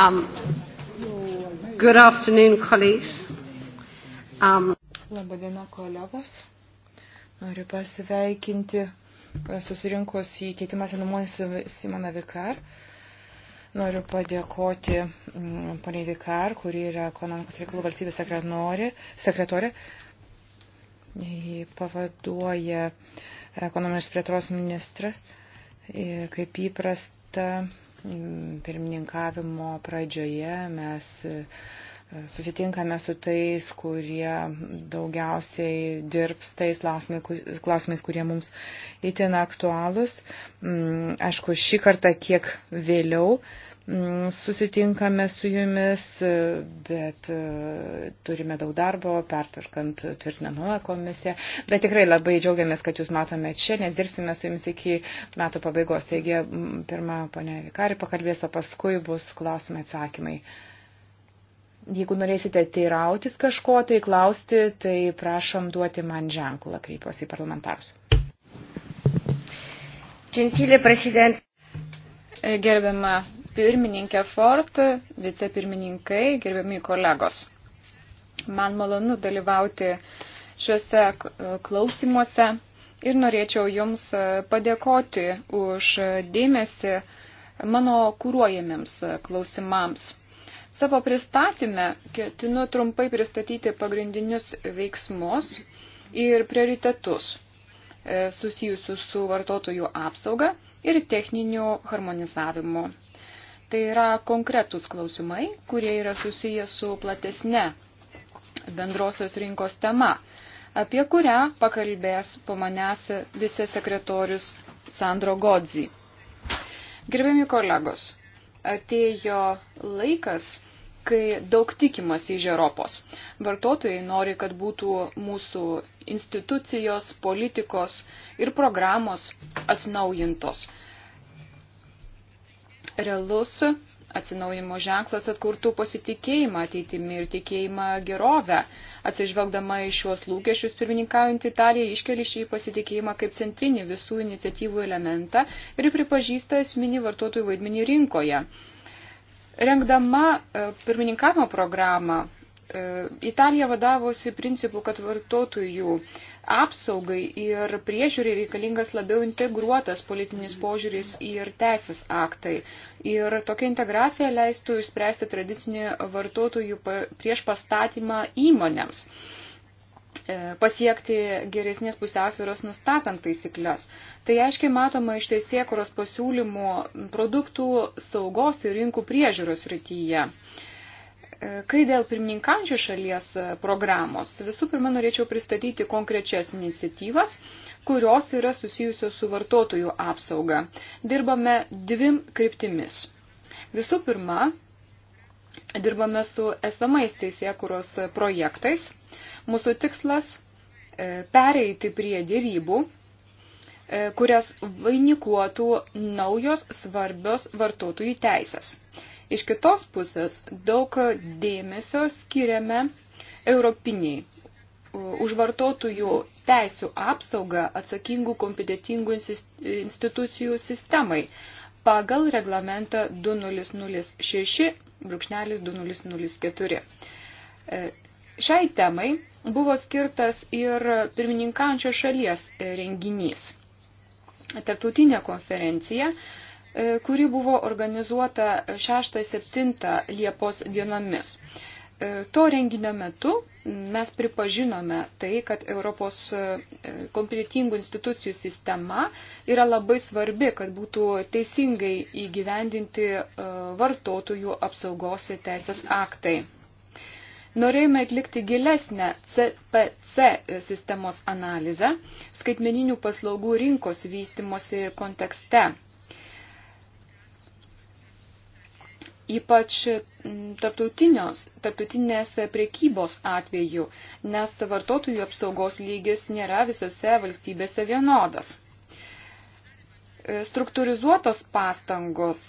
Um, good afternoon, colleagues. Um, Labadiena, kolegos. Noriu pasveikinti e, susirinkus į keitimąsi nuomonį Simoną Vikar. Noriu padėkoti mm, poniai Vikar, kuri yra ekonomikos reikalų valstybės sekretorė. Jį pavaduoja ekonomijos plėtros ministrą. Ir kaip įprasta, Mm, pirmininkavimo pradžioje mes e, susitinkame su tais, kurie daugiausiai dirbs tais klausimais, kurie mums įtina aktualūs. Mm, aišku, šį kartą kiek vėliau Mm, susitinkame su jumis, bet e, turime daug darbo, pertvarkant tvirtinę naują komisiją. Bet tikrai labai džiaugiamės, kad jūs matome čia, nes dirbsime su jumis iki metų pabaigos. Taigi, pirmą ponę Vikari pakalbės, o paskui bus klausimai atsakymai. Jeigu norėsite teirautis kažko, tai klausti, tai prašom duoti man ženklą, kreipiuosi į parlamentarus. Gentile prezident. Gerbiama pirmininkė Ford, vicepirmininkai, gerbiami kolegos. Man malonu dalyvauti šiuose klausimuose ir norėčiau Jums padėkoti už dėmesį mano kūruojamiems klausimams. Savo pristatymę ketinu trumpai pristatyti pagrindinius veiksmus ir prioritetus e, susijusius su vartotojų apsauga ir techniniu harmonizavimu. Tai yra konkretūs klausimai, kurie yra susiję su platesne bendrosios rinkos tema, apie kurią pakalbės po manęs vicesekretorius Sandro Godzi. Gerbiami kolegos, atėjo laikas, kai daug tikimasi iš Europos. Vartotojai nori, kad būtų mūsų institucijos, politikos ir programos atnaujintos realus atsinaujimo ženklas atkurtų pasitikėjimą ateitimi ir tikėjimą gerovę. Atsižvelgdama į šiuos lūkesčius, pirmininkaujant Italija iškeli šį pasitikėjimą kaip centrinį visų iniciatyvų elementą ir pripažįsta esminį vartotojų vaidmenį rinkoje. Rengdama e, pirmininkavimo programą, e, Italija vadavosi principu, kad vartotojų jų apsaugai ir priežiūrai reikalingas labiau integruotas politinis požiūris ir teisės aktai. Ir tokia integracija leistų išspręsti tradicinį vartotojų prieš pastatymą įmonėms e, pasiekti geresnės pusiausvėros nustatant taisyklės. Tai aiškiai matoma iš teisėkuros pasiūlymų produktų saugos ir rinkų priežiūros rytyje. E, kai dėl pirmininkančio šalies e, programos, visų pirma, norėčiau pristatyti konkrečias iniciatyvas, kurios yra susijusios su vartotojų apsauga. Dirbame dvim kryptimis. Visų pirma, dirbame su esamais teisėkuros projektais. Mūsų tikslas e, pereiti prie dėrybų, kurias vainikuotų naujos svarbios vartotojų teisės. Iš kitos pusės daug dėmesio skiriame europiniai už vartotojų teisų apsaugą atsakingų kompetitingų institucijų sistemai pagal reglamentą 2006-2004. E, šiai temai buvo skirtas ir pirmininkančio šalies renginys. Tarptautinė konferencija E, kuri buvo organizuota 6-7 Liepos dienomis. E, to renginio metu mes pripažinome tai, kad Europos e, kompetitingų institucijų sistema yra labai svarbi, kad būtų teisingai įgyvendinti vartotojų apsaugos teisės aktai. Norėjome atlikti gilesnę CPC sistemos analizę skaitmeninių paslaugų rinkos vystimosi kontekste ypač mm, tarptautinės priekybos atveju, nes vartotojų apsaugos lygis nėra visose valstybėse vienodas. Struktūrizuotos pastangos,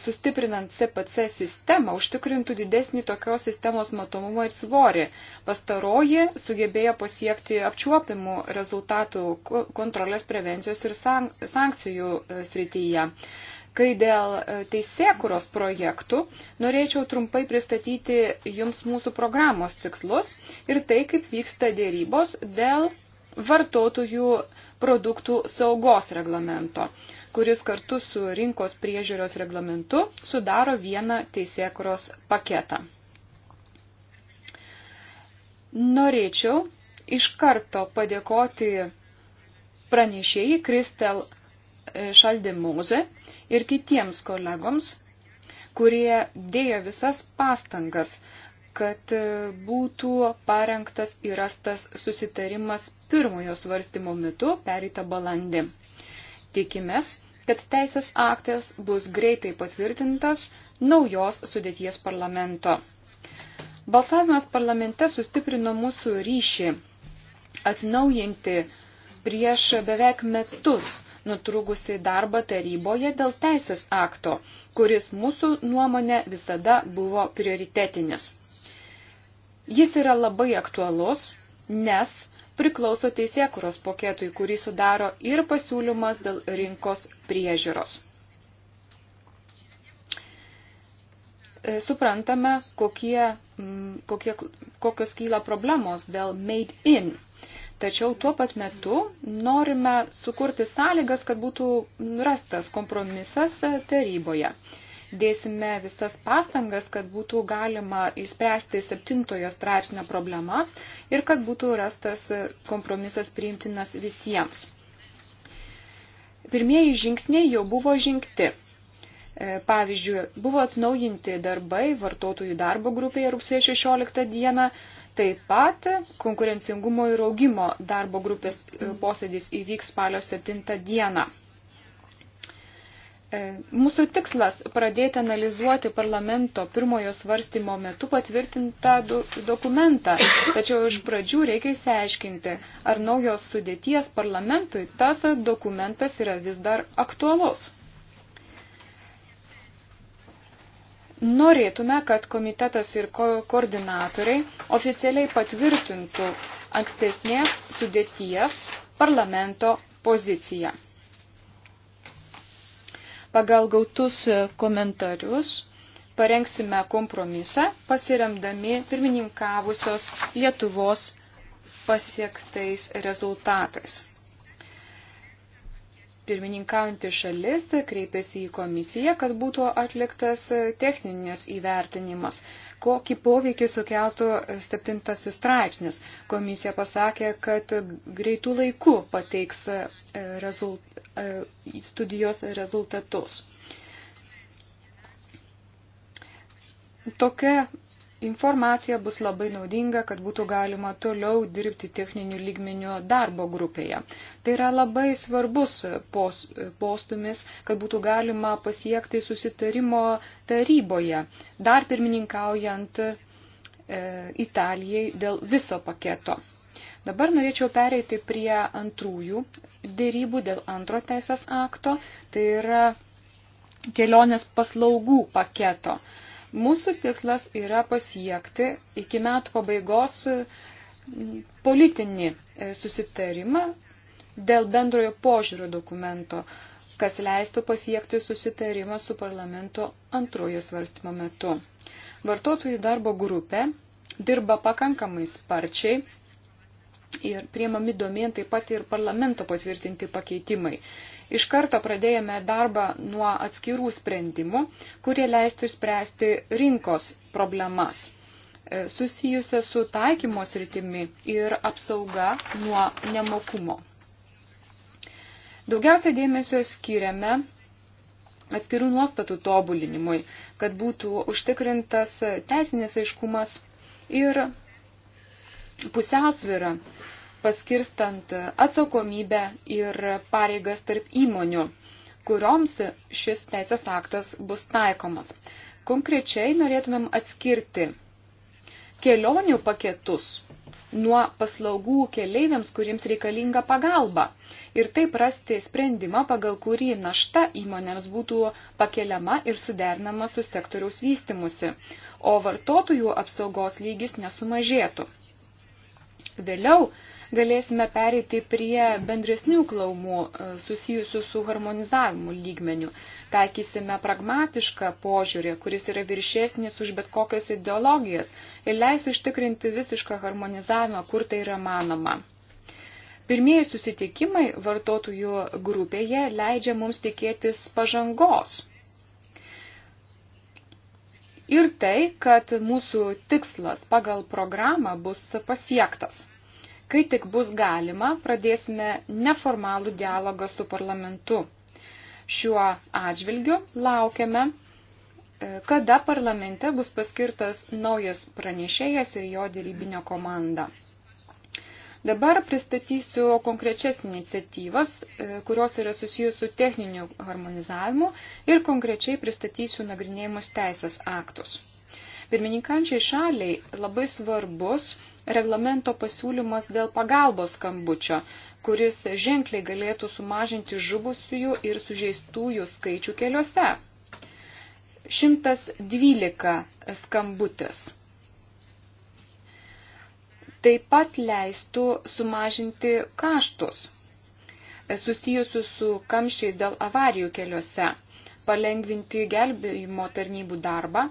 sustiprinant CPC sistemą, užtikrintų didesnį tokios sistemos matomumą ir svorį. Pastaroji sugebėjo pasiekti apčiuopimų rezultatų kontrolės prevencijos ir sankcijų e, srityje Kai dėl e, teisėkuros projektų, norėčiau trumpai pristatyti Jums mūsų programos tikslus ir tai, kaip vyksta dėrybos dėl vartotojų produktų saugos reglamento, kuris kartu su rinkos priežiūros reglamentu sudaro vieną teisėkuros paketą. Norėčiau iš karto padėkoti pranešėjai Kristel E, Šaldemoze ir kitiems kolegoms, kurie dėjo visas pastangas, kad e, būtų parengtas ir rastas susitarimas pirmojo svarstymo metu pereitą balandį. Tikimės, kad teisės aktas bus greitai patvirtintas naujos sudėties parlamento. Balsavimas parlamente sustiprino mūsų ryšį atnaujinti prieš beveik metus nutrugusi darbą taryboje dėl teisės akto, kuris mūsų nuomonė visada buvo prioritetinis. Jis yra labai aktualus, nes priklauso teisėkuros pokėtui, kurį sudaro ir pasiūlymas dėl rinkos priežiūros. E, suprantame, kokie, kokie, kokios kyla problemos dėl made in Tačiau tuo pat metu norime sukurti sąlygas, kad būtų rastas kompromisas taryboje. Dėsime visas pastangas, kad būtų galima išspręsti septintojo straipsnio problemas ir kad būtų rastas kompromisas priimtinas visiems. Pirmieji žingsniai jau buvo žingti. E, pavyzdžiui, buvo atnaujinti darbai vartotojų darbo grupėje rugsėjo 16 dieną, Taip pat konkurencingumo ir augimo darbo grupės e, posėdis įvyks spalio 7 dieną. E, mūsų tikslas pradėti analizuoti parlamento pirmojo svarstymo metu patvirtintą do dokumentą, tačiau iš pradžių reikia įsiaiškinti, ar naujos sudėties parlamentui tas dokumentas yra vis dar aktualus. Norėtume, kad komitetas ir ko koordinatoriai oficialiai patvirtintų ankstesnės sudėties parlamento poziciją. Pagal gautus komentarius parengsime kompromisą, pasiremdami pirmininkavusios Lietuvos pasiektais rezultatais. Pirmininkaujantį šalis kreipėsi į komisiją, kad būtų atliktas techninis įvertinimas, kokį poveikį sukeltų septintasis straipsnis. Komisija pasakė, kad greitų laikų pateiks e, rezult, e, studijos rezultatus. Tokia informacija bus labai naudinga, kad būtų galima toliau dirbti techninių lygmenių darbo grupėje. Tai yra labai svarbus pos, postumis, kad būtų galima pasiekti susitarimo taryboje, dar pirmininkaujant e, Italijai dėl viso paketo. Dabar norėčiau pereiti prie antrųjų dėrybų dėl antro teisės akto, tai yra kelionės paslaugų paketo. E, Mūsų tikslas yra pasiekti iki metų pabaigos politinį e, susitarimą dėl bendrojo požiūrio dokumento, kas leistų pasiekti susitarimą su parlamento antrojo svarstymo metu. Vartotojų darbo grupė dirba pakankamai sparčiai ir priemami domien taip pat ir parlamento patvirtinti pakeitimai. Iš karto pradėjome darbą nuo atskirų sprendimų, kurie leistų išspręsti rinkos problemas e, susijusią su taikymo sritimi ir apsauga nuo nemokumo. Daugiausia dėmesio skiriame atskirų nuostatų tobulinimui, kad būtų užtikrintas teisinės aiškumas ir pusiausvyrą paskirstant atsakomybę ir pareigas tarp įmonių, kurioms šis teisės aktas bus taikomas. Konkrečiai norėtumėm atskirti kelionių paketus nuo paslaugų keleiviams, kuriems reikalinga pagalba. Ir taip rasti sprendimą, pagal kurį našta įmonėms būtų pakeliama ir suderinama su sektoriaus vystimusi, o vartotojų apsaugos lygis nesumažėtų. Vėliau galėsime pereiti prie bendresnių klaumų e, susijusių su harmonizavimu lygmeniu. Taikysime pragmatišką požiūrį, kuris yra viršesnis už bet kokias ideologijas ir leis užtikrinti visišką harmonizavimą, kur tai yra manoma. Pirmieji susitikimai vartotojų grupėje leidžia mums tikėtis pažangos. Ir tai, kad mūsų tikslas pagal programą bus pasiektas. Kai tik bus galima, pradėsime neformalų dialogą su parlamentu. Šiuo atžvilgiu laukiame, e, kada parlamente bus paskirtas naujas pranešėjas ir jo dėrybinė komanda. Dabar pristatysiu konkrečias iniciatyvas, e, kurios yra susijęs su techniniu harmonizavimu ir konkrečiai pristatysiu nagrinėjimus teisės aktus. Pirmininkančiai šaliai labai svarbus reglamento pasiūlymas dėl pagalbos skambučio, kuris ženkliai galėtų sumažinti žuvusiųjų ir sužeistųjų skaičių keliuose. 112 skambutis. Taip pat leistų sumažinti kaštus susijusius su kamščiais dėl avarijų keliuose, palengvinti gelbėjimo tarnybų darbą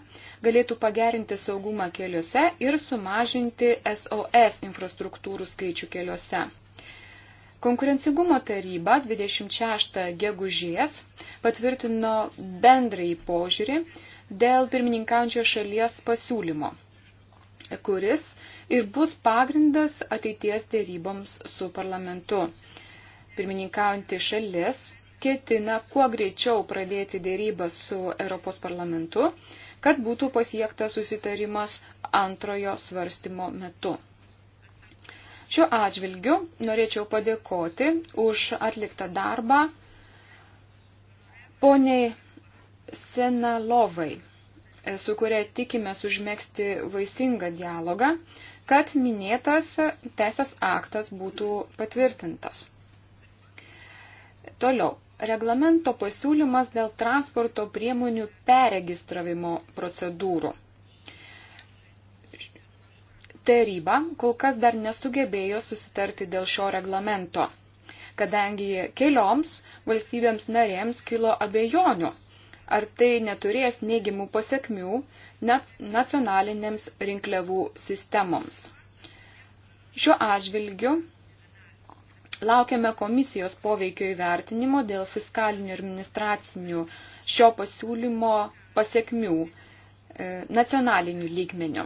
galėtų pagerinti saugumą keliuose ir sumažinti SOS infrastruktūrų skaičių keliuose. Konkurencingumo taryba 26 gegužės patvirtino bendrąjį požiūrį dėl pirmininkaujančio šalies pasiūlymo, kuris ir bus pagrindas ateities dėryboms su parlamentu. Pirmininkaujanti šalis ketina kuo greičiau pradėti dėrybą su Europos parlamentu kad būtų pasiektas susitarimas antrojo svarstymo metu. Šiuo atžvilgiu norėčiau padėkoti už atliktą darbą poniai Senalovai, su kuria tikime užmėgsti vaisingą dialogą, kad minėtas teisės aktas būtų patvirtintas. Toliau reglamento pasiūlymas dėl transporto priemonių peregistravimo procedūrų. Taryba kol kas dar nesugebėjo susitarti dėl šio reglamento, kadangi kelioms valstybėms narėms kilo abejonių, ar tai neturės neigiamų pasiekmių net nacionalinėms rinkliavų sistemoms. Šiuo atžvilgiu Laukiame komisijos poveikio įvertinimo dėl fiskalinių ir administracinių šio pasiūlymo pasiekmių e, nacionalinių lygmenių.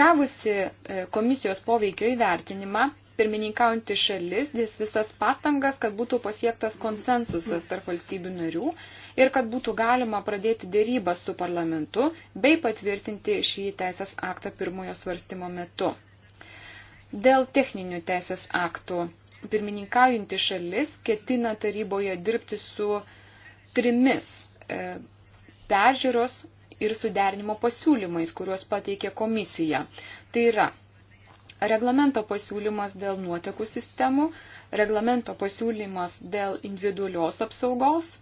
Gavusi e, komisijos poveikio įvertinimą, pirmininkaujantį šalis dės visas pastangas, kad būtų pasiektas konsensusas tarp valstybių narių ir kad būtų galima pradėti dėrybą su parlamentu bei patvirtinti šį teisės aktą pirmojo svarstymo metu. Dėl techninių teisės aktų pirmininkaujanti šalis ketina taryboje dirbti su trimis e, peržiūros ir suderinimo pasiūlymais, kuriuos pateikė komisija. Tai yra reglamento pasiūlymas dėl nuotekų sistemų, reglamento pasiūlymas dėl individualios apsaugos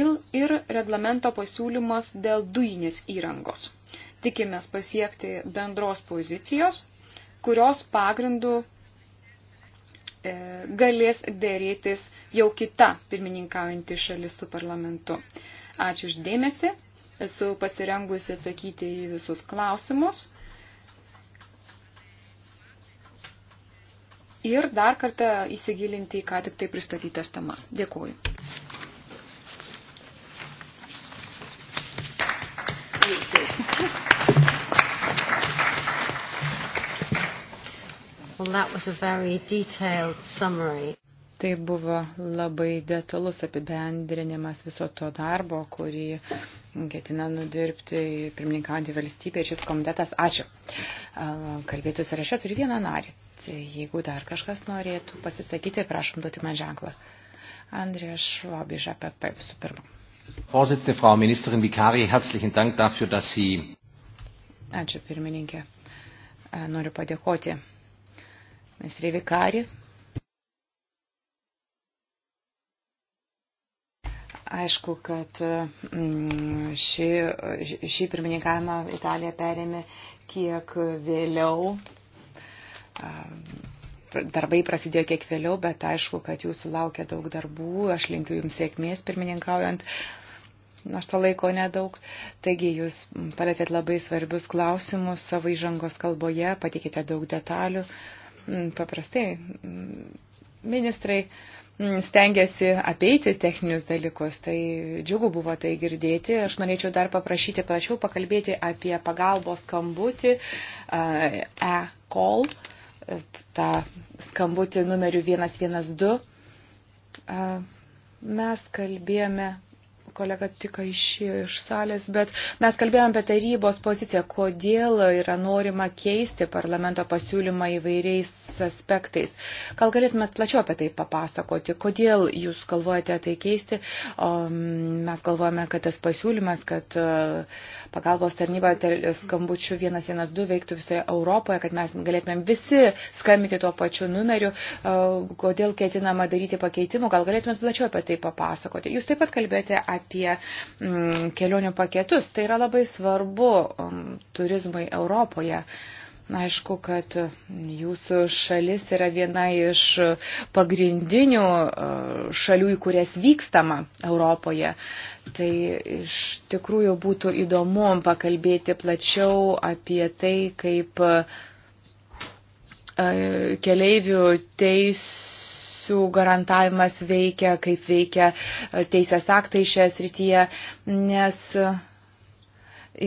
ir, ir reglamento pasiūlymas dėl dujinės įrangos. Tikimės pasiekti bendros pozicijos kurios pagrindų e, galės dėrėtis jau kita pirmininkaujanti šalis su parlamentu. Ačiū uždėmesi, esu pasirengusi atsakyti į visus klausimus. Ir dar kartą įsigilinti į ką tik tai pristatytas temas. Dėkuoju. Thank you. Well, tai buvo labai detalus apibendrinimas viso to darbo, kurį ketina nudirbti pirmininkantį valstybę ir šis komitetas. Ačiū. Kalbėtų sąraše turi vieną narį. Tai jeigu dar kažkas norėtų pasisakyti, prašom duoti man ženklą. Andrės Švab iš APP visų pirma. Vorsitzende, Frau Ministerin Vikari, herzlichen Dank dafür, dass Sie. Ačiū, pirmininkė. Noriu padėkoti Mestre Vicari. Aišku, kad mm, šį, šį pirmininkavimą Italija perėmė kiek vėliau. Darbai prasidėjo kiek vėliau, bet aišku, kad jūsų laukia daug darbų. Aš linkiu jums sėkmės pirmininkaujant nors to laiko nedaug. Taigi jūs palėtėt labai svarbius klausimus savo įžangos kalboje, patikite daug detalių. Mm, paprastai mm, ministrai mm, stengiasi apeiti techninius dalykus, tai džiugu buvo tai girdėti. Aš norėčiau dar paprašyti plačiau pakalbėti apie pagalbos skambutį e-call, e, tą skambutį numeriu 112. Mes kalbėjome kolega tik išėjo iš salės, bet mes kalbėjome apie tarybos poziciją, kodėl yra norima keisti parlamento pasiūlymą įvairiais aspektais. Gal galėtumėt plačiau apie tai papasakoti, kodėl jūs galvojate tai keisti, o um, mes galvojame, kad tas pasiūlymas, kad uh, pagalbos tarnyba skambučių 112 veiktų visoje Europoje, kad mes galėtumėm visi skambinti tuo pačiu numeriu, uh, kodėl ketinama daryti pakeitimų, gal galėtumėt plačiau apie tai papasakoti. Jūs taip pat kalbėjote apie apie mm, kelionių paketus. Tai yra labai svarbu mm, turizmui Europoje. Aišku, kad jūsų šalis yra viena iš pagrindinių e, šalių, į kurias vykstama Europoje. Tai iš tikrųjų būtų įdomu pakalbėti plačiau apie tai, kaip e, keleivių teisų teisų garantavimas veikia, kaip veikia e, teisės aktai šioje srityje, nes e,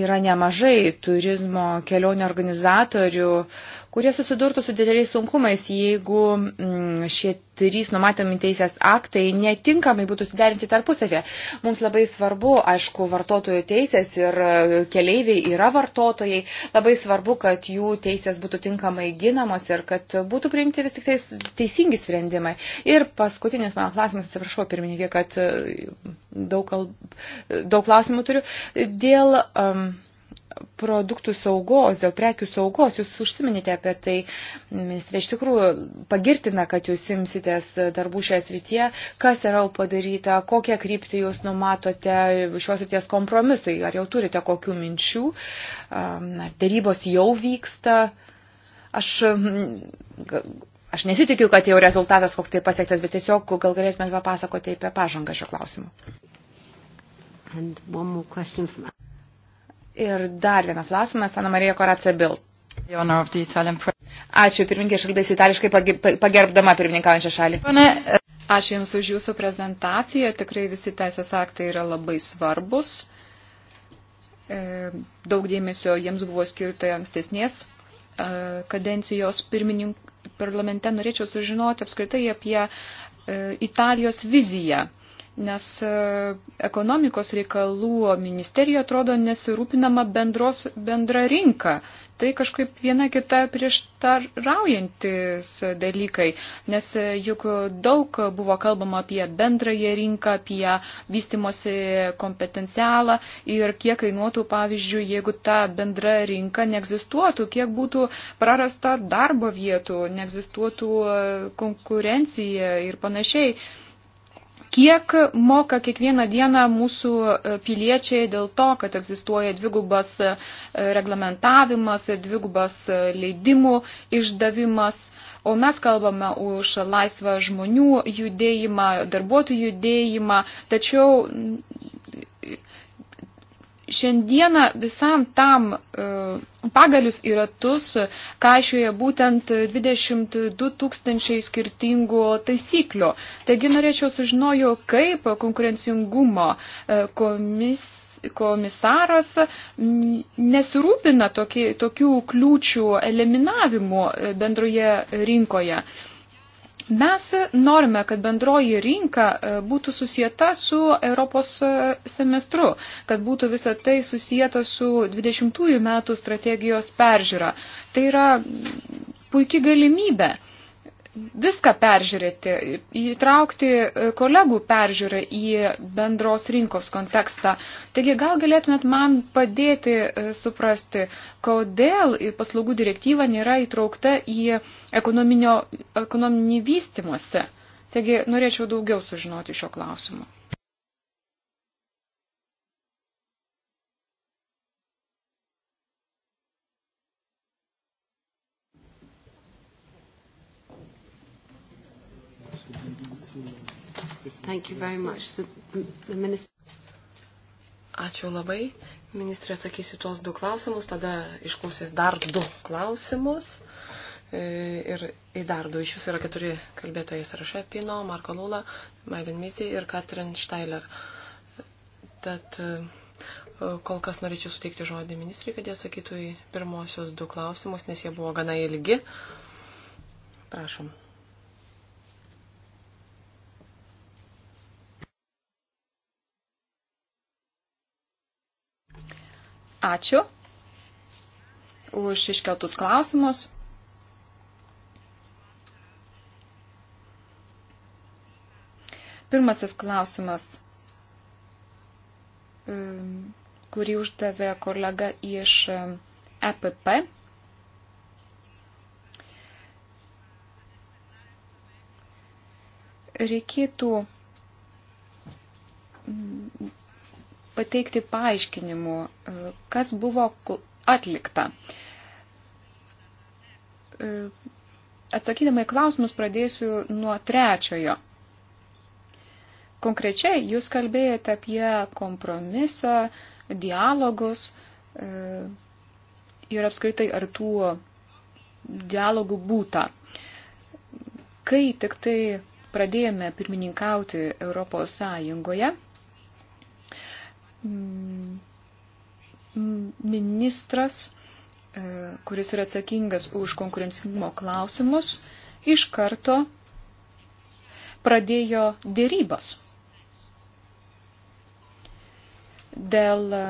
yra nemažai turizmo kelionių organizatorių, uh, kurie susidurtų su dideliais sunkumais, jeigu mm, šie trys numatomi teisės aktai netinkamai būtų suderinti tarpusavė. Mums labai svarbu, aišku, vartotojų teisės ir e, keleiviai yra vartotojai. Labai svarbu, kad jų teisės būtų tinkamai ginamos ir kad būtų priimti vis tik tais teisingi sprendimai. Ir paskutinis mano klausimas, atsiprašau, pirmininkė, kad e, daug, kalb... daug klausimų turiu. Dėl um, produktų saugos, dėl prekių saugos. Jūs užsiminėte apie tai, ministrė, iš tikrųjų pagirtina, kad jūs imsitės darbų šioje srityje. Kas yra padaryta, kokią kryptį jūs numatote šios srities kompromisui? Ar jau turite kokių minčių? Ar darybos jau vyksta? Aš aš nesitikiu, kad jau rezultatas koks tai pasiektas, bet tiesiog gal galėtumėte papasakoti apie pažangą šio klausimu. Ir dar vienas klausimas, Ana Marija Koracija Bilt. Ačiū, pirmininkė, aš kalbėsiu itališkai pagerbdama pirmininkaujančią šalį. E, ačiū Jums už Jūsų prezentaciją. Tikrai visi teisės aktai yra labai svarbus. E, daug dėmesio jiems buvo skirta ankstesnės e, kadencijos pirmininkų parlamente. Norėčiau sužinoti apskritai apie Italijos viziją nes e, ekonomikos reikalų ministerija atrodo nesirūpinama bendros, bendra rinka. Tai kažkaip viena kita prieštaraujantis dalykai, nes e, juk daug buvo kalbama apie bendrąją rinką, apie vystimosi kompetencialą ir kiek kainuotų, pavyzdžiui, jeigu ta bendra rinka neegzistuotų, kiek būtų prarasta darbo vietų, neegzistuotų e, konkurencija ir panašiai. Kiek moka kiekvieną dieną mūsų e, piliečiai dėl to, kad egzistuoja dvigubas e, reglamentavimas, dvigubas e, leidimų išdavimas, o mes kalbame už laisvą žmonių judėjimą, darbuotojų judėjimą, tačiau šiandieną visam tam e, pagalius į ratus kaišioje būtent 22 tūkstančiai skirtingų taisyklių. Taigi norėčiau sužinojo, kaip konkurencingumo e, komis, komisaras nesirūpina tokie, tokių kliūčių eliminavimu e, bendroje rinkoje. Mes norime, kad bendroji rinka e, būtų susijęta su Europos e, semestru, kad būtų visa tai susijęta su 20 metų strategijos peržiūra. Tai yra puikia galimybė viską peržiūrėti, įtraukti e, kolegų peržiūrą į bendros rinkos kontekstą. Taigi gal galėtumėt man padėti e, suprasti, kodėl paslaugų direktyva nėra įtraukta į ekonominį vystimąsi. Taigi norėčiau daugiau sužinoti šio klausimu. Thank you very much. So the, the minister... Ačiū labai. Ministrė atsakysi tuos du klausimus, tada išklausys dar du klausimus. E, ir į dar du iš jūsų yra keturi kalbėtojai sąraše - Pino, Marko Lula, Maivin Misi ir Katrin Štailer. Tad e, kol kas norėčiau suteikti žodį ministrui, kad jie atsakytų į pirmosios du klausimus, nes jie buvo gana ilgi. Prašom. Ačiū už iškeltus klausimus. Pirmasis klausimas, um, kurį uždavė kolega iš um, EPP. Reikėtų pateikti paaiškinimų, e, kas buvo atlikta. E, atsakydama į klausimus pradėsiu nuo trečiojo. Konkrečiai jūs kalbėjote apie kompromisą, dialogus e, ir apskritai ar tų dialogų būta. Kai tik tai pradėjome pirmininkauti Europos Sąjungoje, Mm, ministras, e, kuris yra atsakingas už konkurencingumo klausimus, iš karto pradėjo dėrybas dėl e,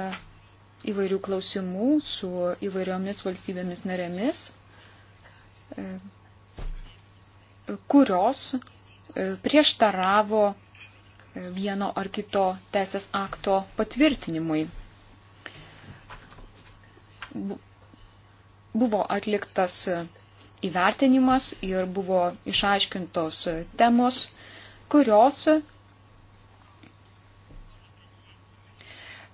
įvairių klausimų su įvairiomis valstybėmis narėmis, e, kurios prieštaravo vieno ar kito teisės akto patvirtinimui. Buvo atliktas įvertinimas ir buvo išaiškintos temos, kurios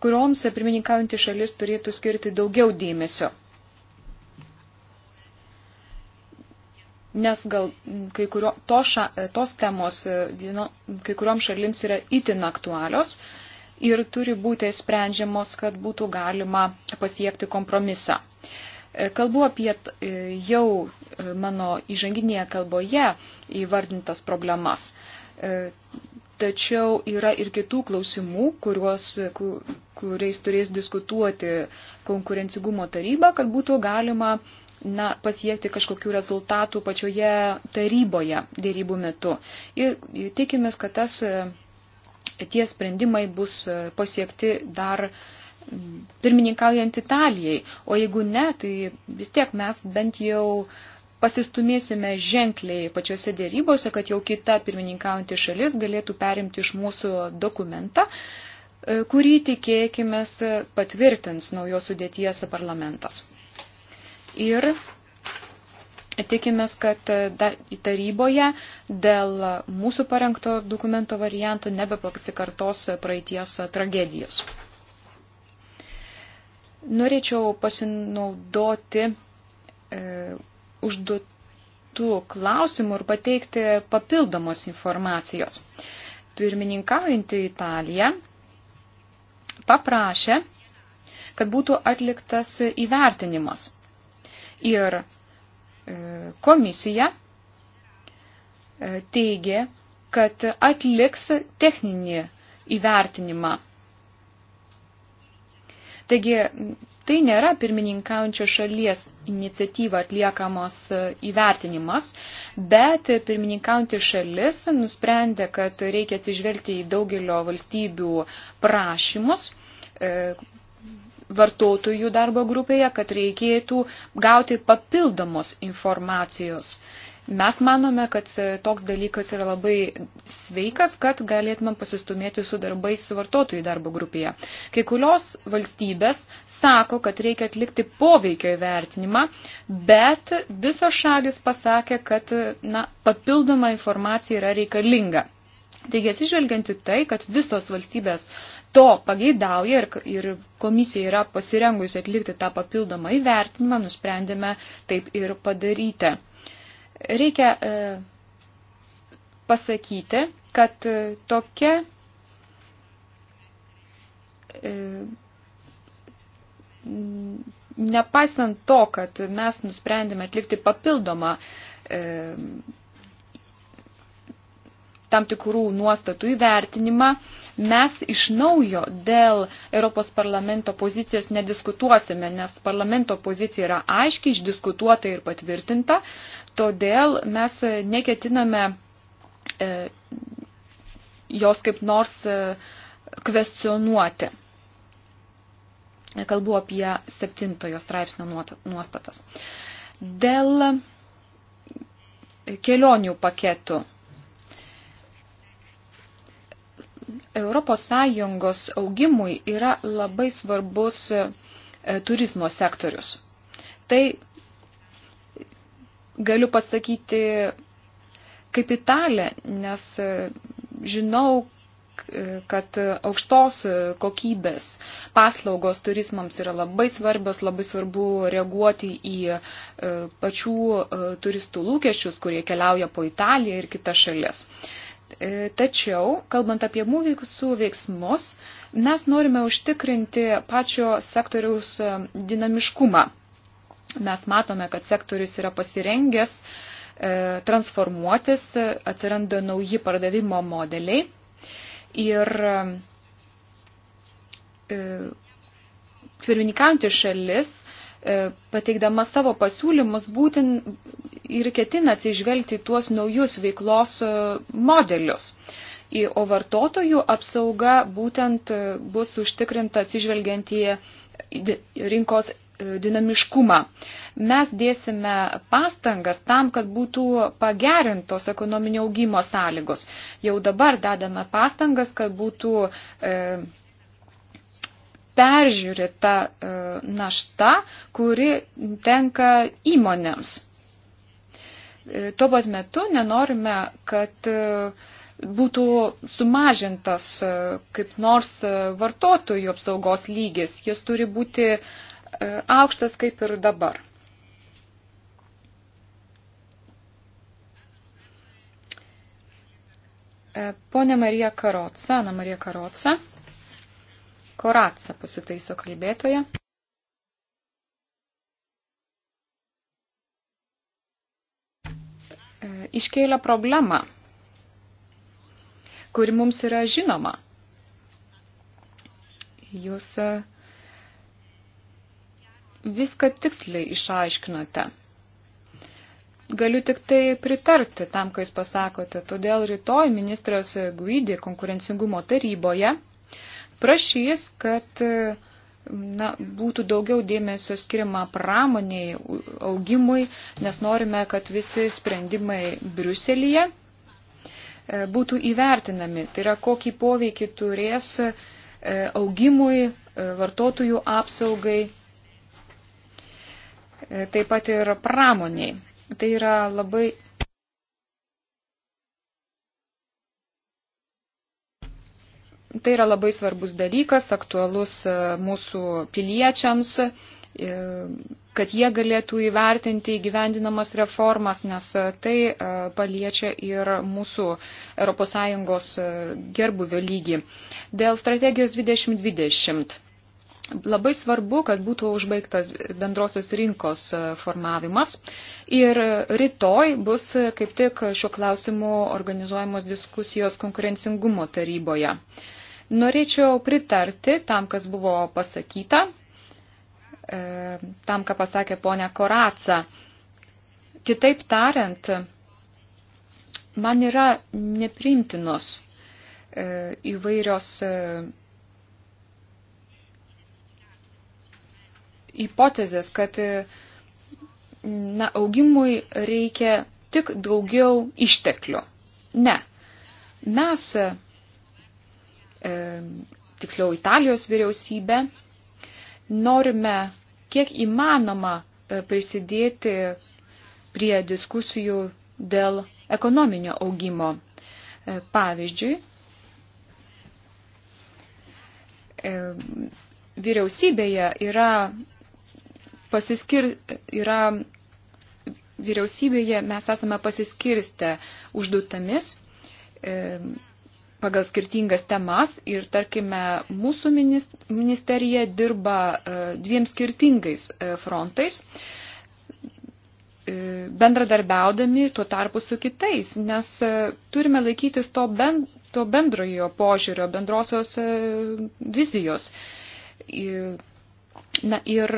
kurioms pirmininkaujantį šalis turėtų skirti daugiau dėmesio. nes gal kai kurio, to ša, tos temos e, vieno, kai kuriuom šalims yra itin aktualios ir turi būti sprendžiamos, kad būtų galima pasiekti kompromisą. E, kalbu apie e, jau mano įžanginėje kalboje įvardintas problemas. Tačiau yra ir kitų klausimų, kuriuos, kuriais turės diskutuoti konkurencigumo taryba, kad būtų galima uh, na, pasiekti kažkokių rezultatų pačioje taryboje dėrybų metu. Ir tikimės, kad tas, e, tie sprendimai bus e, pasiekti dar mm, pirmininkaujant Italijai, o jeigu ne, tai vis tiek mes bent jau pasistumėsime ženkliai pačiose dėrybose, kad jau kita pirmininkaujantį šalis galėtų perimti iš mūsų dokumentą, e, kurį tikėkime patvirtins naujos sudėties parlamentas ir tikimės, kad e, taryboje dėl mūsų parengto dokumento variantų nebepasikartos praeities tragedijos. Norėčiau pasinaudoti e, užduotų klausimų ir pateikti papildomos informacijos. Pirmininkaujantį Italiją paprašė, kad būtų atliktas įvertinimas – Ir e, komisija e, teigė, kad atliks techninį įvertinimą. Taigi, tai nėra pirmininkaujančio šalies iniciatyva atliekamos e, įvertinimas, bet pirmininkaujanti šalis nusprendė, kad reikia atsižvelgti į daugelio valstybių prašymus, vartotojų darbo grupėje, kad reikėtų gauti papildomos informacijos. Mes manome, kad toks dalykas yra labai sveikas, kad galėtumėm pasistumėti su darbais vartotojų darbo grupėje. Kai kurios valstybės sako, kad reikia atlikti poveikio įvertinimą, bet visos šalis pasakė, kad na, papildoma informacija yra reikalinga. Taigi atsižvelgianti tai, kad visos valstybės to pageidauja ir, ir komisija yra pasirengusi atlikti tą papildomą įvertinimą, nusprendėme taip ir padaryti. Reikia e, pasakyti, kad e, tokia e, nepaisant to, kad mes nusprendėme atlikti papildomą e, tam tikrų nuostatų įvertinimą, mes iš naujo dėl Europos parlamento pozicijos nediskutuosime, nes parlamento pozicija yra aiškiai išdiskutuota ir patvirtinta, todėl mes e, neketiname e, jos kaip nors e, kvestionuoti. Kalbu apie septintojo straipsnio nuostatas. Dėl kelionių paketų ES augimui yra labai svarbus e, turizmo sektorius. Tai galiu pasakyti kaip italė, nes e, žinau, e, kad aukštos kokybės paslaugos turizmams yra labai svarbios, labai svarbu reaguoti į pačių turistų lūkesčius, kurie keliauja po Italiją ir kitas šalis. E, tačiau, kalbant apie mūsų veiksmus, mes norime užtikrinti pačio sektoriaus e, dinamiškumą. Mes matome, kad sektorius yra pasirengęs e, transformuotis, atsiranda nauji pardavimo modeliai. Ir pirmininkaujantį šalis, pateikdama savo pasiūlymus, būtent ir ketina atsižvelgti tuos naujus veiklos e, modelius. O vartotojų apsauga būtent e, bus užtikrinta atsižvelgiant į e, rinkos dinamiškumą. Mes dėsime pastangas tam, kad būtų pagerintos ekonominio augimo sąlygos. Jau dabar dedame pastangas, kad būtų e, peržiūrėta e, našta, kuri tenka įmonėms. E, tuo pat metu nenorime, kad e, būtų sumažintas e, kaip nors vartotojų apsaugos lygis. Jis turi būti aukštas kaip ir dabar. Pone Marija Karoca, Ana Marija Karoca, Koratsa pasitaiso kalbėtoje. E, iškėlė problemą, kuri mums yra žinoma. Jūs e, viską tiksliai išaiškinote. Galiu tik tai pritarti tam, ką jūs pasakote. Todėl rytoj ministras Guidi konkurencingumo taryboje prašys, kad uh, na, būtų daugiau dėmesio skiriama pramoniai, augimui, nes norime, kad visi sprendimai Briuselyje e, būtų įvertinami. Tai yra, kokį poveikį turės e, augimui, e, vartotojų apsaugai, taip pat ir pramoniai. Tai yra labai Tai yra labai svarbus dalykas, aktualus e, mūsų piliečiams, e, kad jie galėtų įvertinti įgyvendinamas reformas, nes e, tai paliečia ir mūsų ES gerbuvio lygį. Dėl strategijos 2020 labai svarbu, kad būtų užbaigtas bendrosios rinkos formavimas. Ir rytoj bus kaip tik šiuo klausimu organizuojamos diskusijos konkurencingumo taryboje. Norėčiau pritarti tam, kas buvo pasakyta, e, tam, ką pasakė ponia Koraca. Kitaip tariant, man yra nepriimtinos e, įvairios e, hipotezės, kad na, augimui reikia tik daugiau išteklių. Ne. Mes E, tiksliau Italijos vyriausybę, norime kiek įmanoma e, prisidėti prie diskusijų dėl ekonominio augimo. E, pavyzdžiui, vyriausybėje yra pasiskir, yra vyriausybėje mes esame pasiskirstę užduotamis pagal skirtingas temas ir, tarkime, mūsų ministerija dirba e, dviem skirtingais e, frontais, e, bendradarbiaudami tuo tarpu su kitais, nes turime laikytis to, ben, to bendrojo požiūrio, bendrosios vizijos. Na ir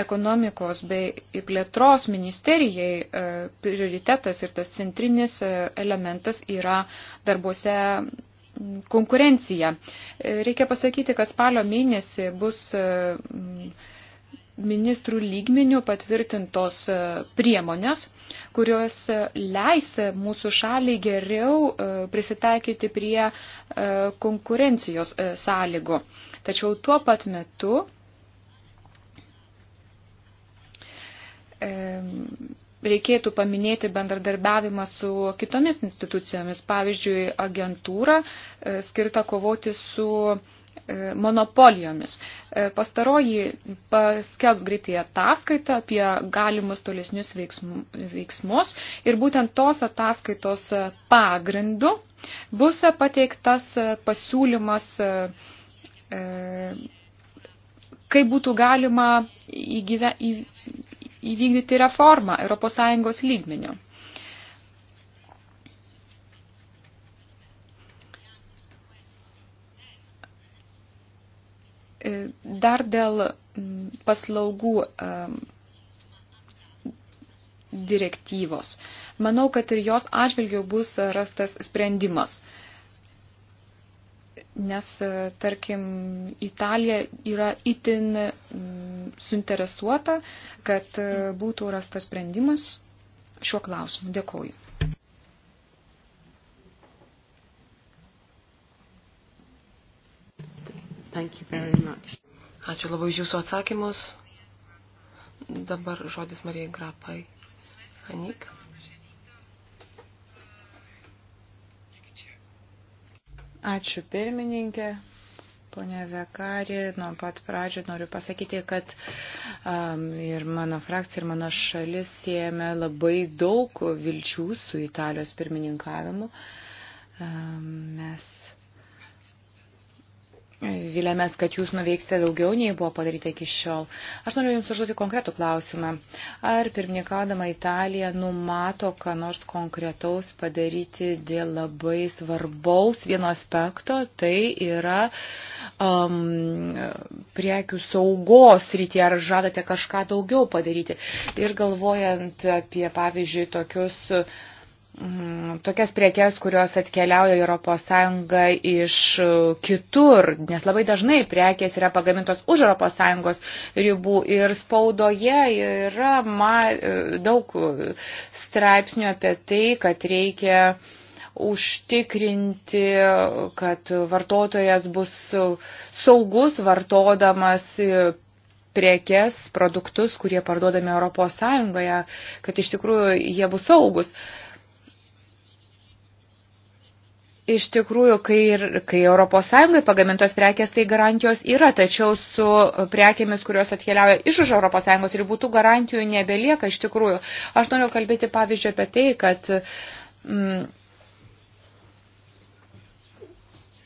ekonomikos bei plėtros ministerijai prioritetas ir tas centrinis elementas yra darbuose konkurencija. Reikia pasakyti, kad spalio mėnesį bus e, ministrų lygmenių patvirtintos e, priemonės, kurios leis mūsų šaliai geriau e, prisitaikyti prie konkurencijos sąlygų. Tačiau tuo pat metu reikėtų paminėti bendradarbiavimą su kitomis institucijomis, pavyzdžiui, agentūra e, skirta kovoti su e, monopolijomis. E, pastaroji paskelbs greitai ataskaitą apie galimus tolesnius veiksmus ir būtent tos ataskaitos pagrindu bus pateiktas pasiūlymas, kaip būtų galima įgyve, į, įvykdyti reformą ES lygmeniu. Dar dėl mm, paslaugų direktyvos. Manau, kad ir jos atžvilgiau bus rastas sprendimas nes, e, tarkim, Italija yra itin mm, suinteresuota, kad e, būtų rastas sprendimas šiuo klausimu. Dėkuoju. Ačiū labai už Jūsų atsakymus. Dabar žodis Marijai Grapai. Anik. Ačiū pirmininkė. Pone Vekari, nuo pat pradžio noriu pasakyti, kad um, ir mano frakcija, ir mano šalis siejame labai daug vilčių su Italijos pirmininkavimu. Um, mes Vilėmės, kad jūs nuveiksite daugiau, nei buvo padaryta iki šiol. Aš noriu Jums užduoti konkretų klausimą. Ar pirmininkaudama Italija numato, ką nors konkretaus padaryti dėl labai svarbaus vieno aspekto, tai yra um, priekių saugos rytį, ar žadate kažką daugiau padaryti. Ir galvojant apie, pavyzdžiui, tokius uh, Mm, tokias priekes, kurios atkeliauja Europos Sąjungą iš e, kitur, nes labai dažnai prekės yra pagamintos už Europos Sąjungos ribų ir spaudoje yra ma, e, daug straipsnių apie tai, kad reikia užtikrinti, kad vartotojas bus saugus vartodamas e, prekes, produktus, kurie parduodami Europos Sąjungoje, kad iš tikrųjų jie bus saugus. Uh, Iš tikrųjų, kai, ir, kai ES pagamintos prekės, tai garantijos yra, tačiau su prekėmis, kurios atkeliauja iš už ES ribų, tų garantijų nebelieka iš tikrųjų. Aš noriu kalbėti pavyzdžiui apie tai, kad mm,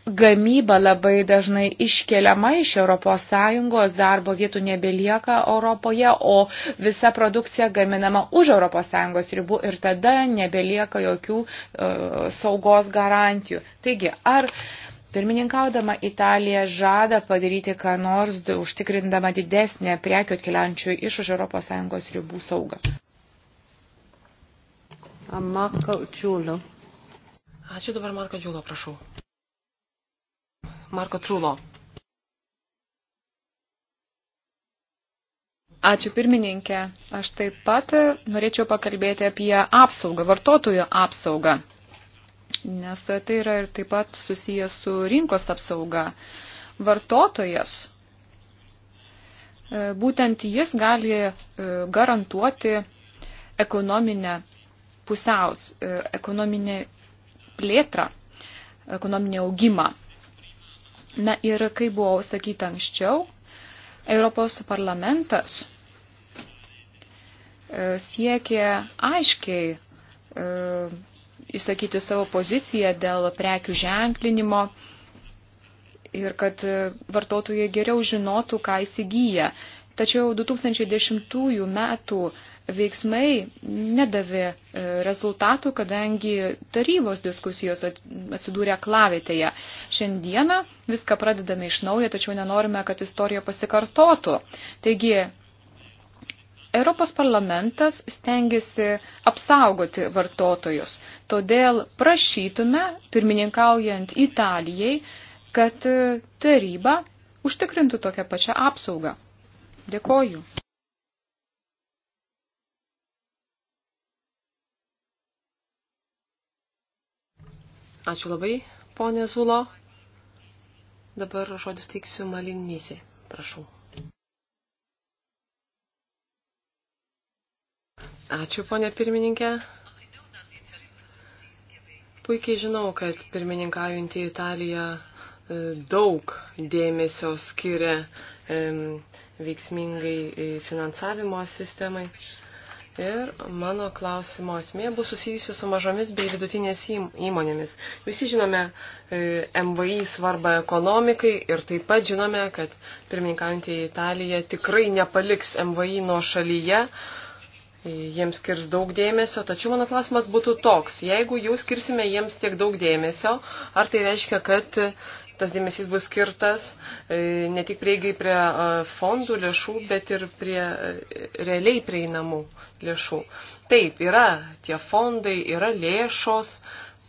gamyba labai dažnai iškeliama iš ES, darbo vietų nebelieka Europoje, o visa produkcija gaminama už ES ribų ir tada nebelieka jokių e, saugos garantijų. Taigi, ar pirmininkaudama Italija žada padaryti ką nors, užtikrindama didesnę prekių atkeliančių iš už ES ribų saugą? Marko Čiūlo. Ačiū dabar Marko Čiūlo, prašau. Marko Trūlo. Ačiū pirmininkė. Aš taip pat norėčiau pakalbėti apie apsaugą, vartotojų apsaugą, nes tai yra ir taip pat susijęs su rinkos apsauga. Vartotojas, e, būtent jis gali e, garantuoti ekonominę pusiaus, e, ekonominę plėtrą, ekonominį augimą. Na ir kaip buvo sakyta anksčiau, Europos parlamentas e, siekė aiškiai e, išsakyti savo poziciją dėl prekių ženklinimo ir kad e, vartotojai geriau žinotų, ką įsigyja. Tačiau 2010 metų veiksmai nedavė e, rezultatų, kadangi tarybos diskusijos atsidūrė klavėtėje. Šiandieną viską pradedame iš naujo, tačiau nenorime, kad istorija pasikartotų. Taigi, Europos parlamentas stengiasi apsaugoti vartotojus. Todėl prašytume, pirmininkaujant Italijai, kad taryba užtikrintų tokią pačią apsaugą. Dėkoju. Ačiū labai, ponė Zulo. Dabar žodis teiksiu Malin Mysi. Prašau. Ačiū, ponė pirmininkė. Puikiai žinau, kad pirmininkaujantį Italiją e, daug dėmesio skiria veiksmingai e, finansavimo sistemai. Ir mano klausimo esmė bus susijusi su mažomis bei vidutinės įmonėmis. Visi žinome e, MVI svarbą ekonomikai ir taip pat žinome, kad pirmininkantį Italiją tikrai nepaliks MVI nuo šalyje. Jiems skirs daug dėmesio, tačiau mano klausimas būtų toks, jeigu jau skirsime jiems tiek daug dėmesio, ar tai reiškia, kad tas dėmesys bus skirtas e, ne tik prieigai prie e, fondų lėšų, bet ir prie e, realiai prieinamų lėšų. Taip, yra tie fondai, yra lėšos,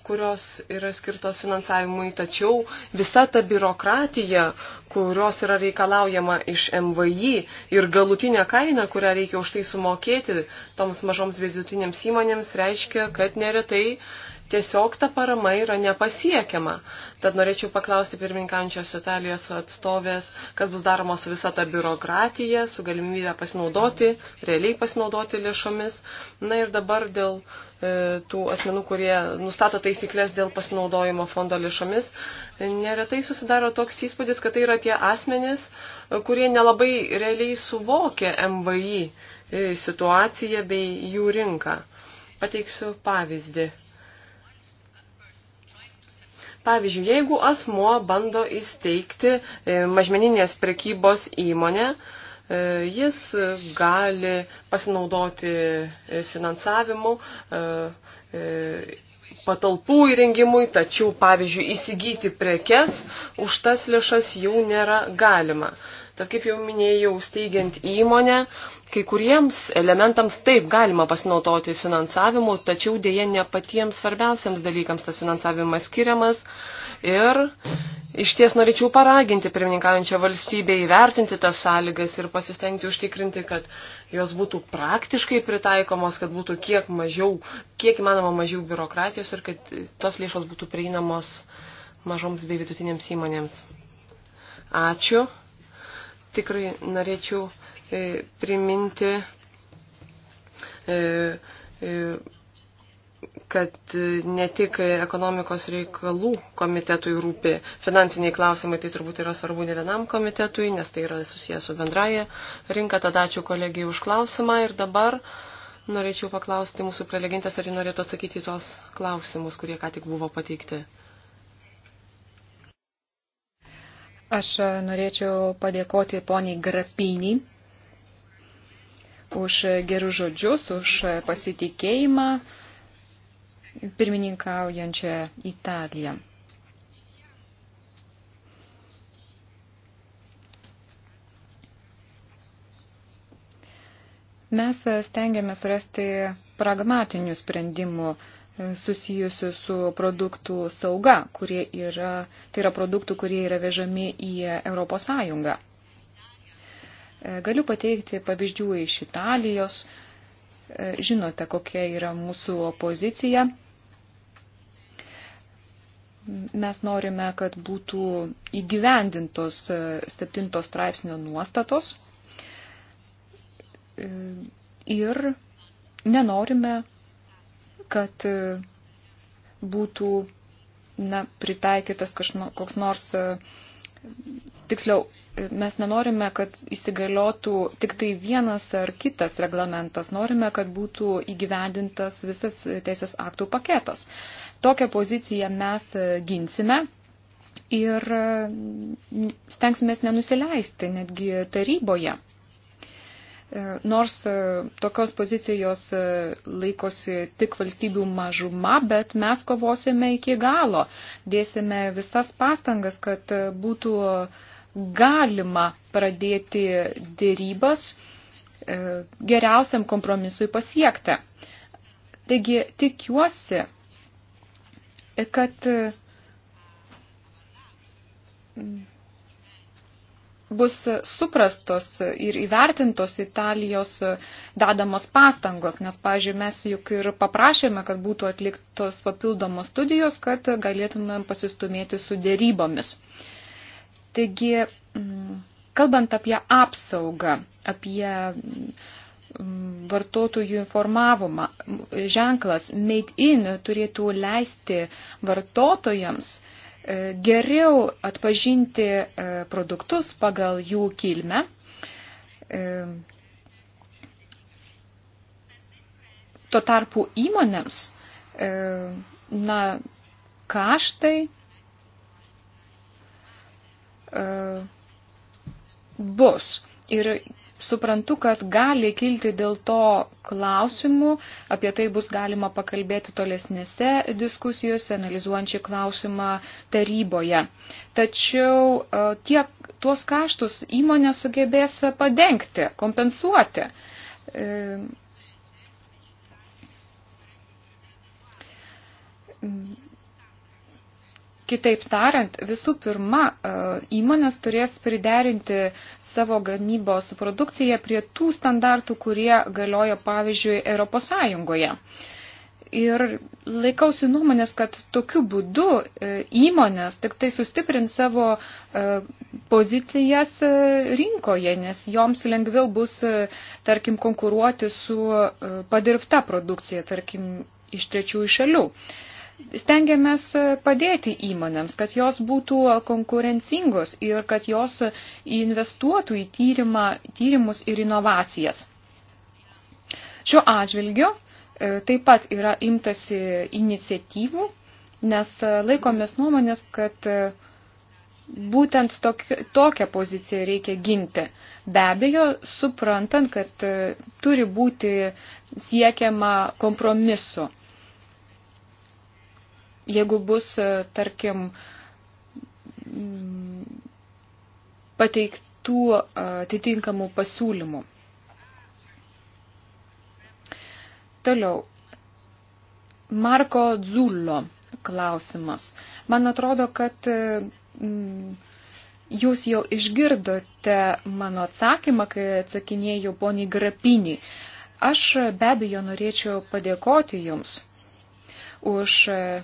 kurios yra skirtos finansavimui, tačiau visa ta biurokratija, kurios yra reikalaujama iš MVI ir galutinė kaina, kurią reikia už tai sumokėti toms mažoms vidutinėms įmonėms, reiškia, kad neretai uh, tiesiog ta parama yra nepasiekiama. Tad norėčiau paklausti pirmininkančios Italijos atstovės, kas bus daroma su visa ta biurokratija, su galimybė pasinaudoti, realiai pasinaudoti lėšomis. Na ir dabar dėl e, tų asmenų, kurie nustato taisyklės dėl pasinaudojimo fondo lėšomis, neretai susidaro toks įspūdis, kad tai yra tie asmenys, kurie nelabai realiai suvokia MVI e, situaciją bei jų rinką. Pateiksiu pavyzdį. Pavyzdžiui, jeigu asmuo bando įsteigti e, mažmeninės prekybos įmonę, e, jis gali pasinaudoti e, finansavimu patalpų įrengimui, tačiau, pavyzdžiui, įsigyti prekes už tas lėšas jau nėra galima. Tad kaip jau minėjau, steigiant įmonę, kai kuriems elementams taip galima pasinaudoti finansavimu, tačiau dėje ne patiems svarbiausiams dalykams tas finansavimas skiriamas. Ir iš ties norėčiau paraginti pirmininkaujančią valstybę įvertinti tas sąlygas ir pasistengti užtikrinti, kad jos būtų praktiškai pritaikomos, kad būtų kiek mažiau, kiek įmanoma mažiau biurokratijos ir kad tos lėšos būtų prieinamos mažoms bei vidutinėms įmonėms. Ačiū tikrai norėčiau e, priminti, e, e, kad e, ne tik ekonomikos reikalų komitetui rūpi finansiniai klausimai, tai turbūt yra svarbu ne vienam komitetui, nes tai yra susijęs su bendraja rinka. Tada ačiū kolegijai už klausimą ir dabar norėčiau paklausti mūsų prelegentės, ar ji norėtų atsakyti į tos klausimus, kurie ką tik buvo pateikti. Aš norėčiau padėkoti poniai Grapinį už gerus žodžius, už pasitikėjimą pirmininkaujančią Italiją. Mes stengiamės rasti pragmatinių sprendimų susijusių su produktų sauga, kurie yra, tai yra produktų, kurie yra vežami į Europos Sąjungą. E, galiu pateikti pavyzdžių iš Italijos. E, žinote, kokia yra mūsų pozicija. Mes norime, kad būtų įgyvendintos e, septintos straipsnio nuostatos ir nenorime kad e, būtų na, pritaikytas koks nors, e, tiksliau, e, mes nenorime, kad įsigaliotų tik tai vienas ar kitas reglamentas, norime, kad būtų įgyvendintas visas teisės aktų paketas. Tokią poziciją mes ginsime. Ir stengsimės nenusileisti netgi taryboje. E, nors e, tokios pozicijos e, laikosi tik valstybių mažuma, bet mes kovosime iki galo. Dėsime visas pastangas, kad būtų galima pradėti dėrybas geriausiam kompromisui pasiekti. Taigi tikiuosi, kad bus suprastos ir įvertintos Italijos dedamos pastangos, nes, pažiūrėjau, mes juk ir paprašėme, kad būtų atliktos papildomos studijos, kad galėtume pasistumėti su dėrybomis. Taigi, mm, kalbant apie apsaugą, apie mm, vartotojų informavimą, ženklas Made in turėtų leisti vartotojams uh, E, geriau atpažinti e, produktus pagal jų kilmę. E, tuo tarpu įmonėms na, kaštai bus. Ir suprantu, kad gali kilti dėl to klausimų, apie tai bus galima pakalbėti tolesnėse diskusijose, analizuojant šį klausimą taryboje. Tačiau e, tiek tuos kaštus įmonė sugebės padengti, kompensuoti. E, Kitaip tariant, visų pirma, e, įmonės turės priderinti savo gamybos produkciją prie tų standartų, kurie galioja, pavyzdžiui, Europos Sąjungoje. Ir laikausi nuomonės, kad tokiu būdu e, įmonės tik tai sustiprins savo e, pozicijas rinkoje, nes joms lengviau bus, tarkim, konkuruoti su padirbta produkcija, tarkim, iš trečiųjų šalių stengiamės padėti įmonėms, kad jos būtų konkurencingos ir kad jos investuotų į tyrimą, tyrimus ir inovacijas. Šiuo atžvilgiu e, taip pat yra imtasi iniciatyvų, nes e, laikomės nuomonės, kad e, būtent tokia, tokią poziciją reikia ginti. Be abejo, suprantant, kad turi būti siekiama kompromisu jeigu bus, e, tarkim, pateiktų e, atitinkamų pasiūlymų. Toliau. Marko Dzullo klausimas. Man atrodo, kad e, jūs jau išgirdote mano atsakymą, kai atsakinėjau poniai Grapinį. Aš be abejo norėčiau padėkoti jums už e,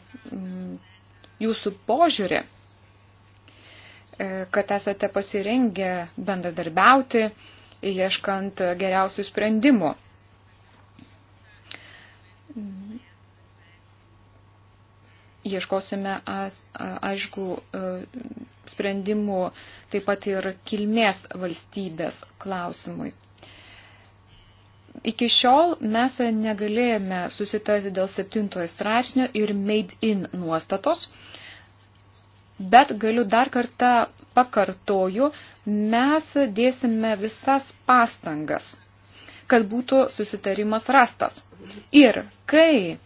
jūsų požiūrį, e, kad esate pasirengę bendradarbiauti, ieškant geriausių sprendimų. Ieškosime, aišku, e, sprendimų taip pat ir kilmės valstybės klausimui. Iki šiol mes negalėjome susitarti dėl septintojo straipsnio ir made in nuostatos, bet galiu dar kartą pakartoju, mes dėsime visas pastangas, kad būtų susitarimas rastas. Ir kai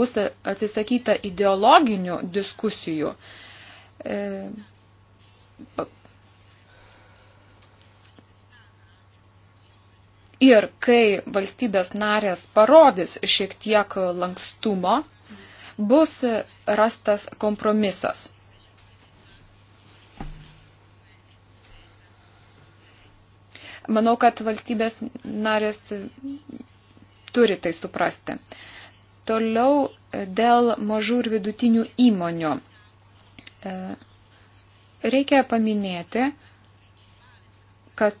bus atsisakyta ideologinių diskusijų, e, Ir kai valstybės narės parodys šiek tiek lankstumo, bus rastas kompromisas. Manau, kad valstybės narės turi tai suprasti. Toliau dėl mažų ir vidutinių įmonių. E, reikia paminėti, kad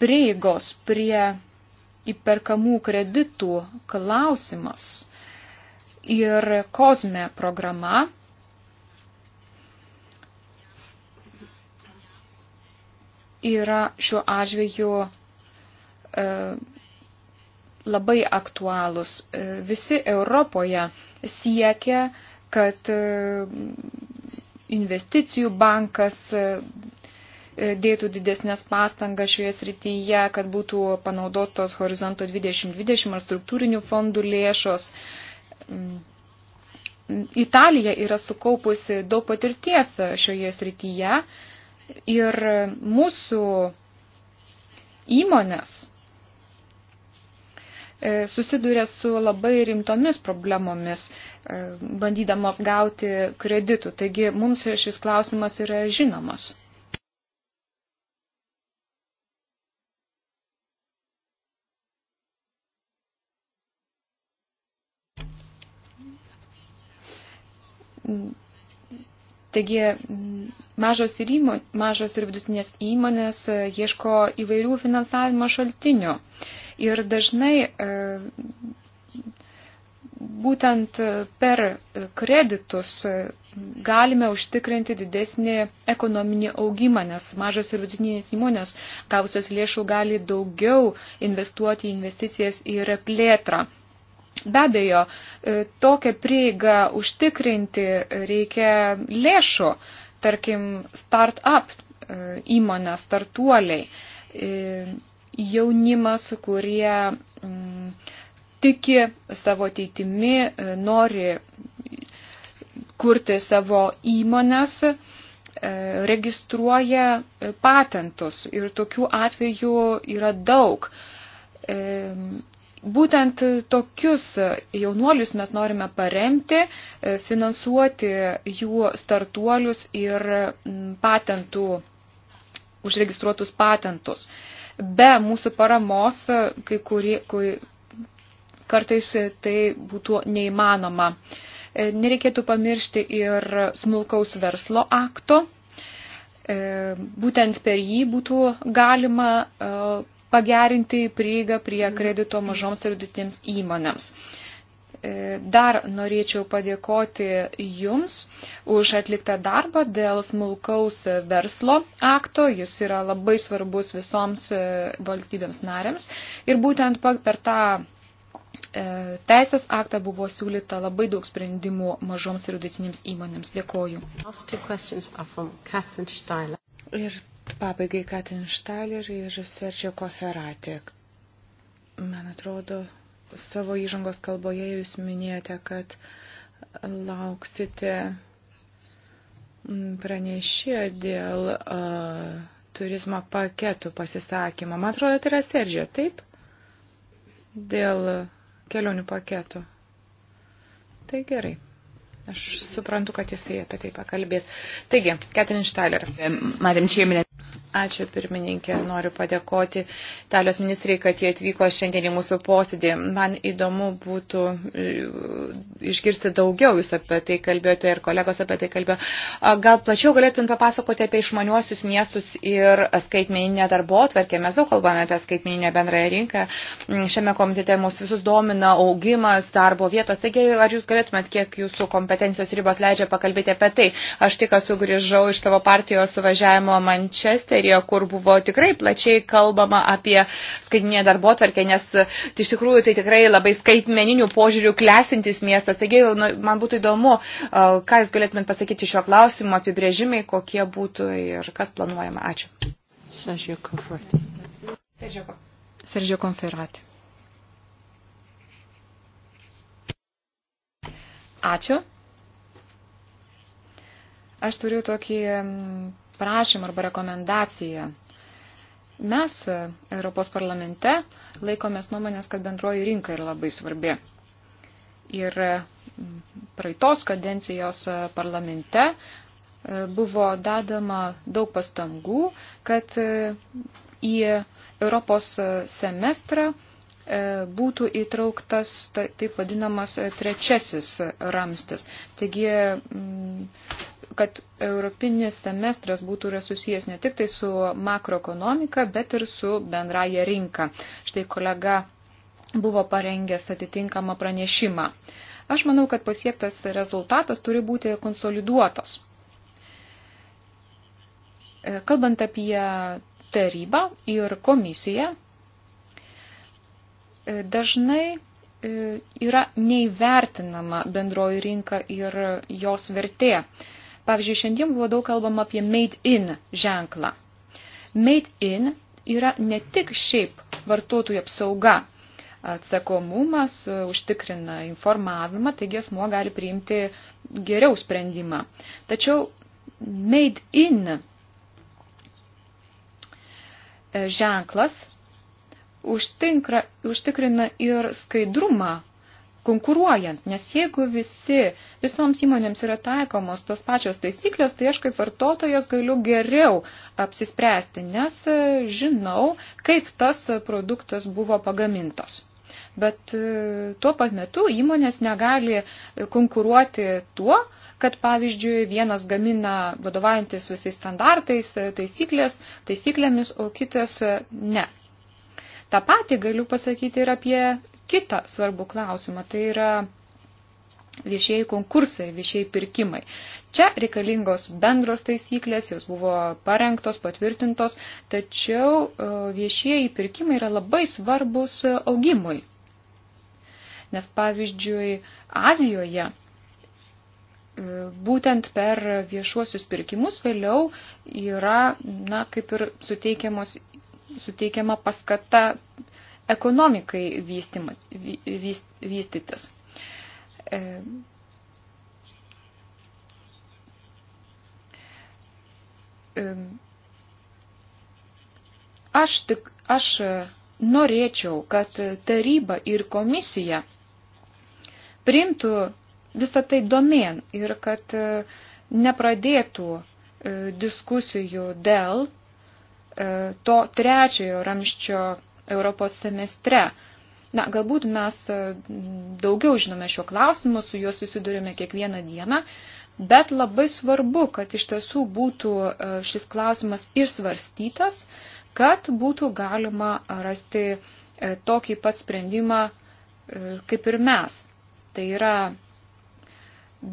prieigos prie įperkamų kreditų klausimas ir kozme programa yra šiuo atžvilgiu e, labai aktualūs. E, visi Europoje siekia, kad e, investicijų bankas e, e, dėtų didesnės pastangas šioje srityje, kad būtų panaudotos horizonto 2020 ar struktūrinių fondų lėšos. Mm. Italija yra sukaupusi daug patirties šioje srityje ir mūsų įmonės E, susiduria su labai rimtomis problemomis, e, bandydamos gauti kreditų. Taigi mums šis klausimas yra žinomas. Taigi mažos ir, įmonės, mažos ir vidutinės įmonės e, ieško įvairių finansavimo šaltinių. E, Ir dažnai e, būtent per kreditus galime užtikrinti didesnį ekonominį augimą, nes mažos ir vidutinės įmonės gavusios lėšų gali daugiau investuoti į investicijas ir plėtrą. Be abejo, e, tokią prieigą užtikrinti reikia lėšų, tarkim, start-up e, įmonės, startuoliai jaunimas, kurie m, mm, tiki savo ateitimi, nori kurti savo įmonės, e, registruoja patentus ir tokių atvejų yra daug. E, būtent tokius jaunuolius mes norime paremti, e, finansuoti jų startuolius ir mm, patentų, užregistruotus patentus. Be mūsų paramos, kai kurie, kai kartais tai būtų neįmanoma. E, nereikėtų pamiršti ir smulkaus verslo akto. E, būtent per jį būtų galima e, pagerinti prieigą prie kredito mažoms ir vidutinėms įmonėms. E, dar norėčiau padėkoti Jums už atliktą darbą dėl smulkaus verslo akto. Jis yra labai svarbus visoms e, valstybėms narėms. Ir būtent per tą e, teisės aktą buvo siūlyta labai daug sprendimų mažoms ir vidutinėms įmonėms. Dėkoju. Ir pabaigai Katrin Štailer ir Sergio Koferatė. Man atrodo, savo įžangos kalboje jūs minėjote, kad lauksite pranešė dėl uh, turizmo paketų pasisakymo. Man atrodo, tai yra Seržio, taip? Dėl kelionių paketų. Tai gerai. Aš suprantu, kad jisai apie tai pakalbės. Taigi, Ketrin Štailer. Madam Čieminė. Ačiū pirmininkė, noriu padėkoti Italijos ministrai, kad jie atvyko šiandien į mūsų posėdį. Man įdomu būtų e, išgirsti daugiau, jūs apie tai kalbėjote ir kolegos apie tai kalbėjo. Gal plačiau galėtumėt papasakoti apie išmaniuosius miestus ir skaitmeninę darbo atverkę. Mes daug kalbame apie skaitmeninę bendrąją rinką. Mm, šiame komitete mūsų visus domina augimas, darbo vietos. Taigi, ar jūs galėtumėt, kiek jūsų kompetencijos ribos leidžia pakalbėti apie tai? Aš tik sugrįžau iš savo partijos suvažiavimo Mančesterį strategiją, kur buvo tikrai plačiai kalbama apie skaitinę darbo tvarkę, nes tai iš tikrųjų tai tikrai labai skaitmeninių požiūrių klesintis miestas. Taigi, nu, man būtų įdomu, ką Jūs galėtumėt pasakyti šio klausimo, apibrėžimai, kokie būtų ir kas planuojama. Ačiū. Sergio Conferati. Sergio Conferati. Ačiū. Aš turiu tokį prašymą arba rekomendaciją. Mes e, Europos parlamente laikomės nuomonės, kad bendroji rinka yra labai svarbi. Ir e, praeitos kadencijos e, parlamente buvo dadama daug pastangų, kad į Europos semestrą būtų įtrauktas taip vadinamas trečiasis ramstis. Taigi kad europinis semestras būtų yra susijęs ne tik tai su makroekonomika, bet ir su bendraja rinka. Štai kolega buvo parengęs atitinkamą pranešimą. Aš manau, kad pasiektas rezultatas turi būti konsoliduotas. E, kalbant apie tarybą ir komisiją, e, dažnai e, yra neįvertinama bendroji rinka ir jos vertė. Pavyzdžiui, šiandien buvo daug kalbama apie made in ženklą. Made in yra ne tik šiaip vartotojų apsauga, atsakomumas užtikrina informavimą, taigi asmuo gali priimti geriau sprendimą. Tačiau made in e, ženklas užtinkra, užtikrina ir skaidrumą konkuruojant, nes jeigu visi, visoms įmonėms yra taikomos tos pačios taisyklės, tai aš kaip vartotojas galiu geriau apsispręsti, nes e, žinau, kaip tas produktas buvo pagamintas. Bet e, tuo pat metu įmonės negali konkuruoti tuo, kad pavyzdžiui vienas gamina vadovaujantis visais standartais, e, taisyklės, taisyklėmis, o kitas ne. Ta pati galiu pasakyti ir apie kitą svarbų klausimą. Tai yra viešieji konkursai, viešieji pirkimai. Čia reikalingos bendros taisyklės, jos buvo parengtos, patvirtintos, tačiau e, viešieji pirkimai yra labai svarbus augimui. Nes pavyzdžiui, Azijoje e, būtent per viešuosius pirkimus vėliau yra, na, kaip ir suteikiamos suteikiama paskata ekonomikai vystima, vyst, vystytis. E, e, aš tik, aš norėčiau, kad taryba ir komisija priimtų visą tai domen ir kad nepradėtų e, diskusijų dėl E, to trečiojo ramščio Europos semestre. Na, galbūt mes e, daugiau žinome šio klausimu, su juo susidurime kiekvieną dieną, bet labai svarbu, kad iš tiesų būtų e, šis klausimas ir svarstytas, kad būtų galima rasti tokį pat sprendimą kaip ir mes. Tai yra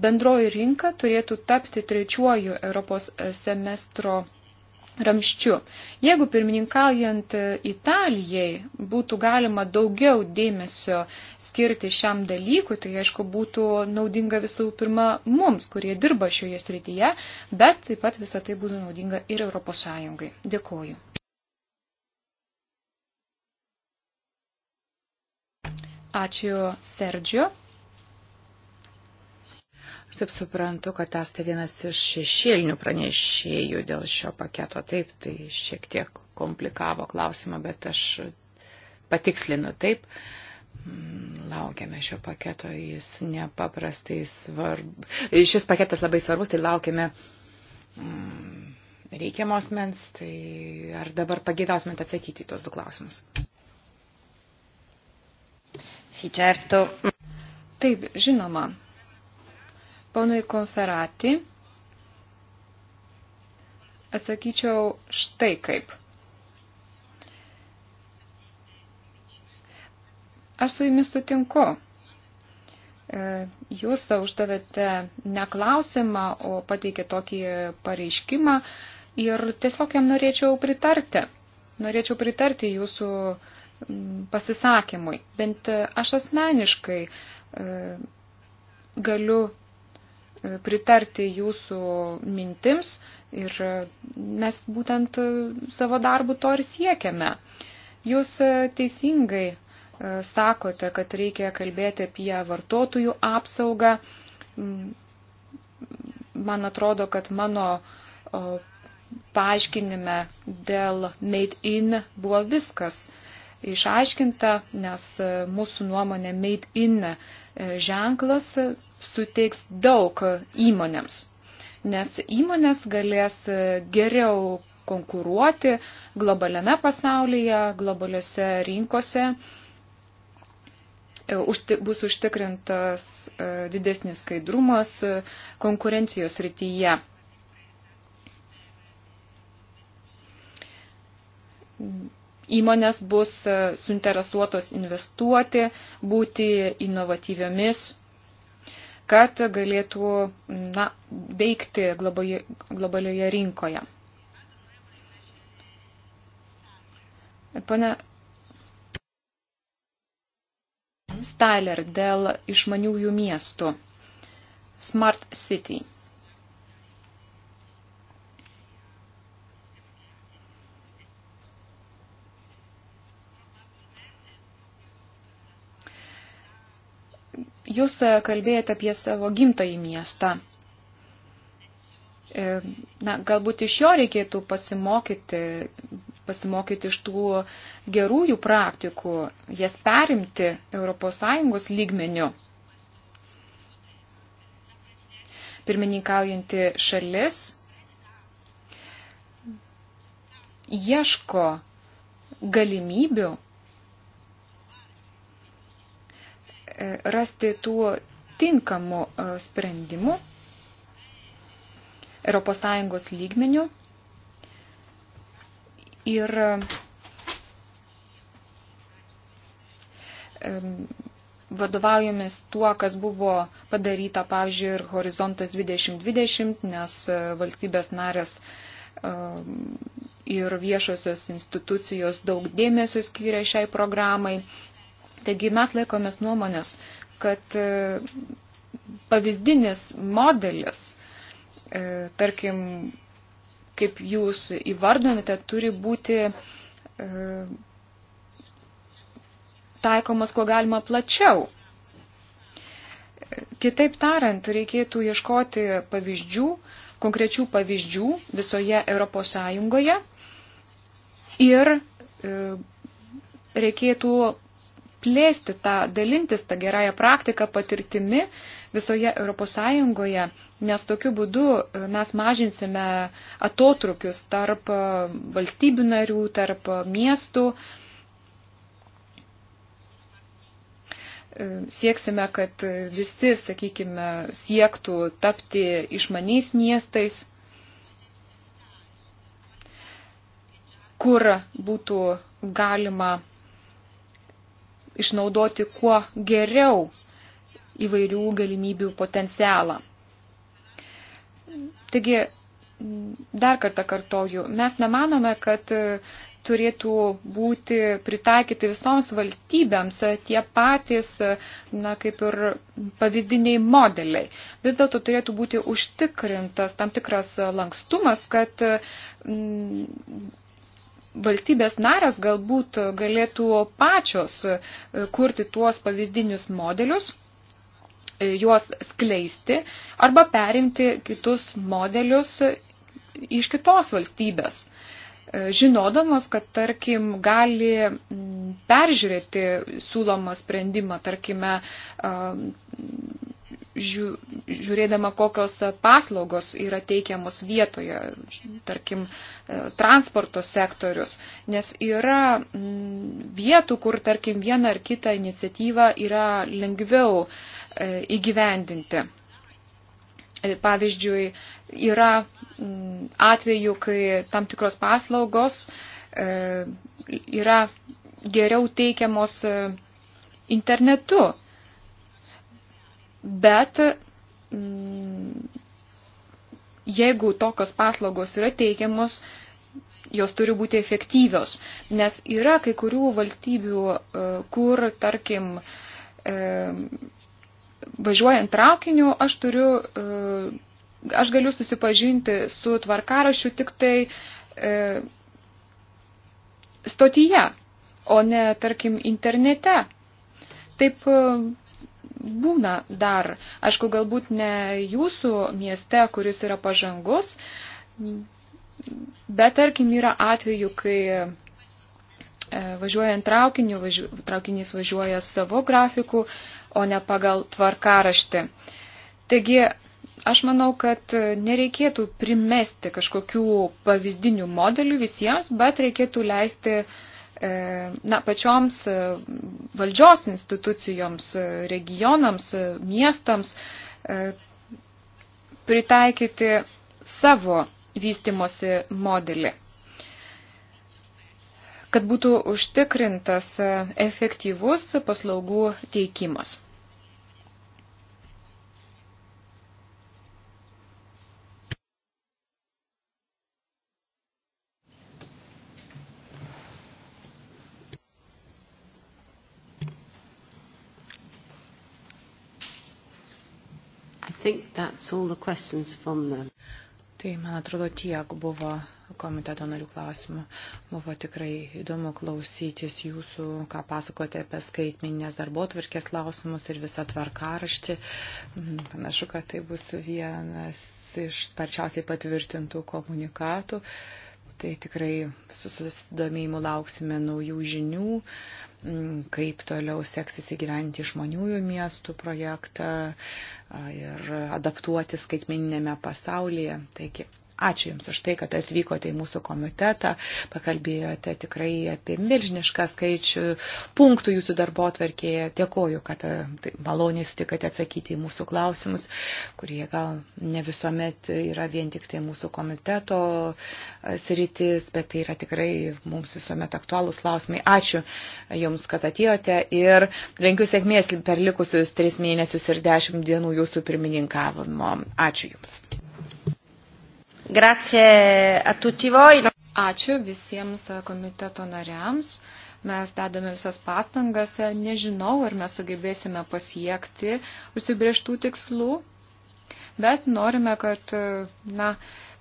bendroji rinka turėtų tapti trečiuoju Europos semestro ramščiu. Jeigu pirmininkaujant Italijai būtų galima daugiau dėmesio skirti šiam dalykui, tai aišku būtų naudinga visų pirma mums, kurie dirba šioje srityje, bet taip pat visą tai būtų naudinga ir Europos Sąjungai. Dėkoju. Ačiū Sergio. Taip suprantu, kad esate vienas iš šešėlinių pranešėjų dėl šio paketo. Taip, tai šiek tiek komplikavo klausimą, bet aš patikslinu taip. Mm, laukiame šio paketo, jis nepaprastai svarbus. Šis paketas labai svarbus, tai laukiame mm, reikiamos mens. Tai ar dabar pagėdautumėte atsakyti į tos du klausimus? Sì, certo. Taip, žinoma Ponui Konferati atsakyčiau štai kaip. Aš su jumis sutinku. E, jūs uždavėte ne klausimą, o pateikė tokį pareiškimą ir tiesiog jam norėčiau pritarti. Norėčiau pritarti jūsų pasisakymui. Bent e, aš asmeniškai e, galiu pritarti jūsų mintims ir mes būtent e, savo darbu to ir siekiame. Jūs e, teisingai e, sakote, kad reikia kalbėti apie vartotojų apsaugą. Mm, man atrodo, kad mano paaiškinime dėl made in buvo viskas išaiškinta, nes mūsų nuomonė made in ženklas suteiks daug įmonėms, nes įmonės galės geriau konkuruoti globaliame pasaulyje, globaliuose rinkose, e, bus užtikrintas e, didesnis skaidrumas e, konkurencijos rytyje. Įmonės bus suinteresuotos investuoti, būti inovatyviomis kad galėtų na, veikti globalioje rinkoje. Pane Staler dėl išmaniųjų miestų. Smart City. Jūs e, kalbėjote apie savo gimtąjį miestą. E, na, galbūt iš jo reikėtų pasimokyti, pasimokyti iš tų gerųjų praktikų, jas perimti ES lygmeniu. Pirmininkaujanti šalis ieško galimybių E, rasti tų tinkamų e, sprendimų ES lygmenių ir e, vadovaujomis tuo, kas buvo padaryta, pavyzdžiui, ir horizontas 2020, nes valstybės narės ir viešosios institucijos daug dėmesio skyrė šiai programai, Taigi mes laikomės nuomonės, kad e, pavyzdinis modelis, e, tarkim, kaip jūs įvardinate, turi būti e, taikomas kuo galima plačiau. Kitaip tariant, reikėtų ieškoti pavyzdžių, konkrečių pavyzdžių visoje Europos Sąjungoje ir reikėtų plėsti tą, dalintis tą gerąją praktiką patirtimi visoje Europos Sąjungoje, nes tokiu būdu e, mes mažinsime atotrukius tarp e, valstybių narių, tarp e, miestų. Sieksime, kad visi, sakykime, siektų tapti išmaniais miestais, kur būtų galima išnaudoti kuo geriau įvairių galimybių potencialą. Taigi, dar kartą kartoju, mes nemanome, kad e, turėtų būti pritaikyti visoms valstybėms e, tie patys, e, na, kaip ir pavyzdiniai modeliai. Vis dėlto turėtų būti užtikrintas tam tikras lankstumas, kad m, valstybės narės galbūt galėtų pačios e, kurti tuos pavyzdinius modelius, e, juos skleisti arba perimti kitus modelius iš kitos valstybės. E, žinodamos, kad tarkim gali peržiūrėti siūlomą sprendimą, tarkime, žiūrėdama, kokios e, paslaugos yra teikiamos vietoje, tarkim, e, transporto sektorius, nes yra mm, vietų, kur, tarkim, vieną ar kitą iniciatyvą yra lengviau e, įgyvendinti. Pavyzdžiui, yra mm, atveju, kai tam tikros paslaugos yra geriau teikiamos internetu bet mm, jeigu tokios paslaugos yra teikiamos, jos turi būti efektyvios, nes yra kai kurių valstybių, e, kur, tarkim, e, važiuojant traukiniu, aš turiu, e, aš galiu susipažinti su tvarkarašiu tik tai stotyje, o ne, tarkim, internete. Taip būna dar. Aišku, galbūt ne jūsų mieste, kuris yra pažangus, bet tarkim yra atveju, kai e, važiuojant traukiniu, važiu, traukinys važiuoja savo grafiku, o ne pagal tvarkaraštį. Taigi, aš manau, kad nereikėtų primesti kažkokių pavyzdinių modelių visiems, bet reikėtų leisti uh, E, na, pačioms e, valdžios institucijoms, e, regionams, miestams pritaikyti savo vystimosi modelį kad būtų užtikrintas efektyvus paslaugų teikimas. Tai, man atrodo, tiek buvo komiteto narių klausimų. Buvo tikrai įdomu klausytis jūsų, ką pasakote apie skaitminės darbo tvarkės klausimus ir visą tvarkaraštį. Mm, panašu, kad tai bus vienas iš sparčiausiai patvirtintų komunikatų. Uh, Tai tikrai su susidomėjimu lauksime naujų žinių, mm, kaip toliau seksis įgyventi išmaniųjų miestų projektą ir adaptuoti skaitmeninėme pasaulyje. Taigi, Ačiū Jums už tai, kad atvykote į mūsų komitetą, pakalbėjote tikrai apie milžinišką skaičių punktų jūsų darbo atverkėje. Dėkoju, kad e, tai, maloniai sutikate atsakyti į mūsų klausimus, kurie gal ne visuomet yra vien tik tai mūsų komiteto e, sritis, bet tai yra tikrai mums visuomet aktualūs klausimai. Ačiū Jums, kad atėjote ir linkiu sėkmės per likusius tris mėnesius ir dešimt dienų jūsų pirmininkavimo. Ačiū Jums. Grazie a tutti voi. Ačiū visiems komiteto nariams. Mes dedame visas pastangas. Nežinau, ar mes sugebėsime pasiekti užsibrieštų tikslų, bet norime, kad na,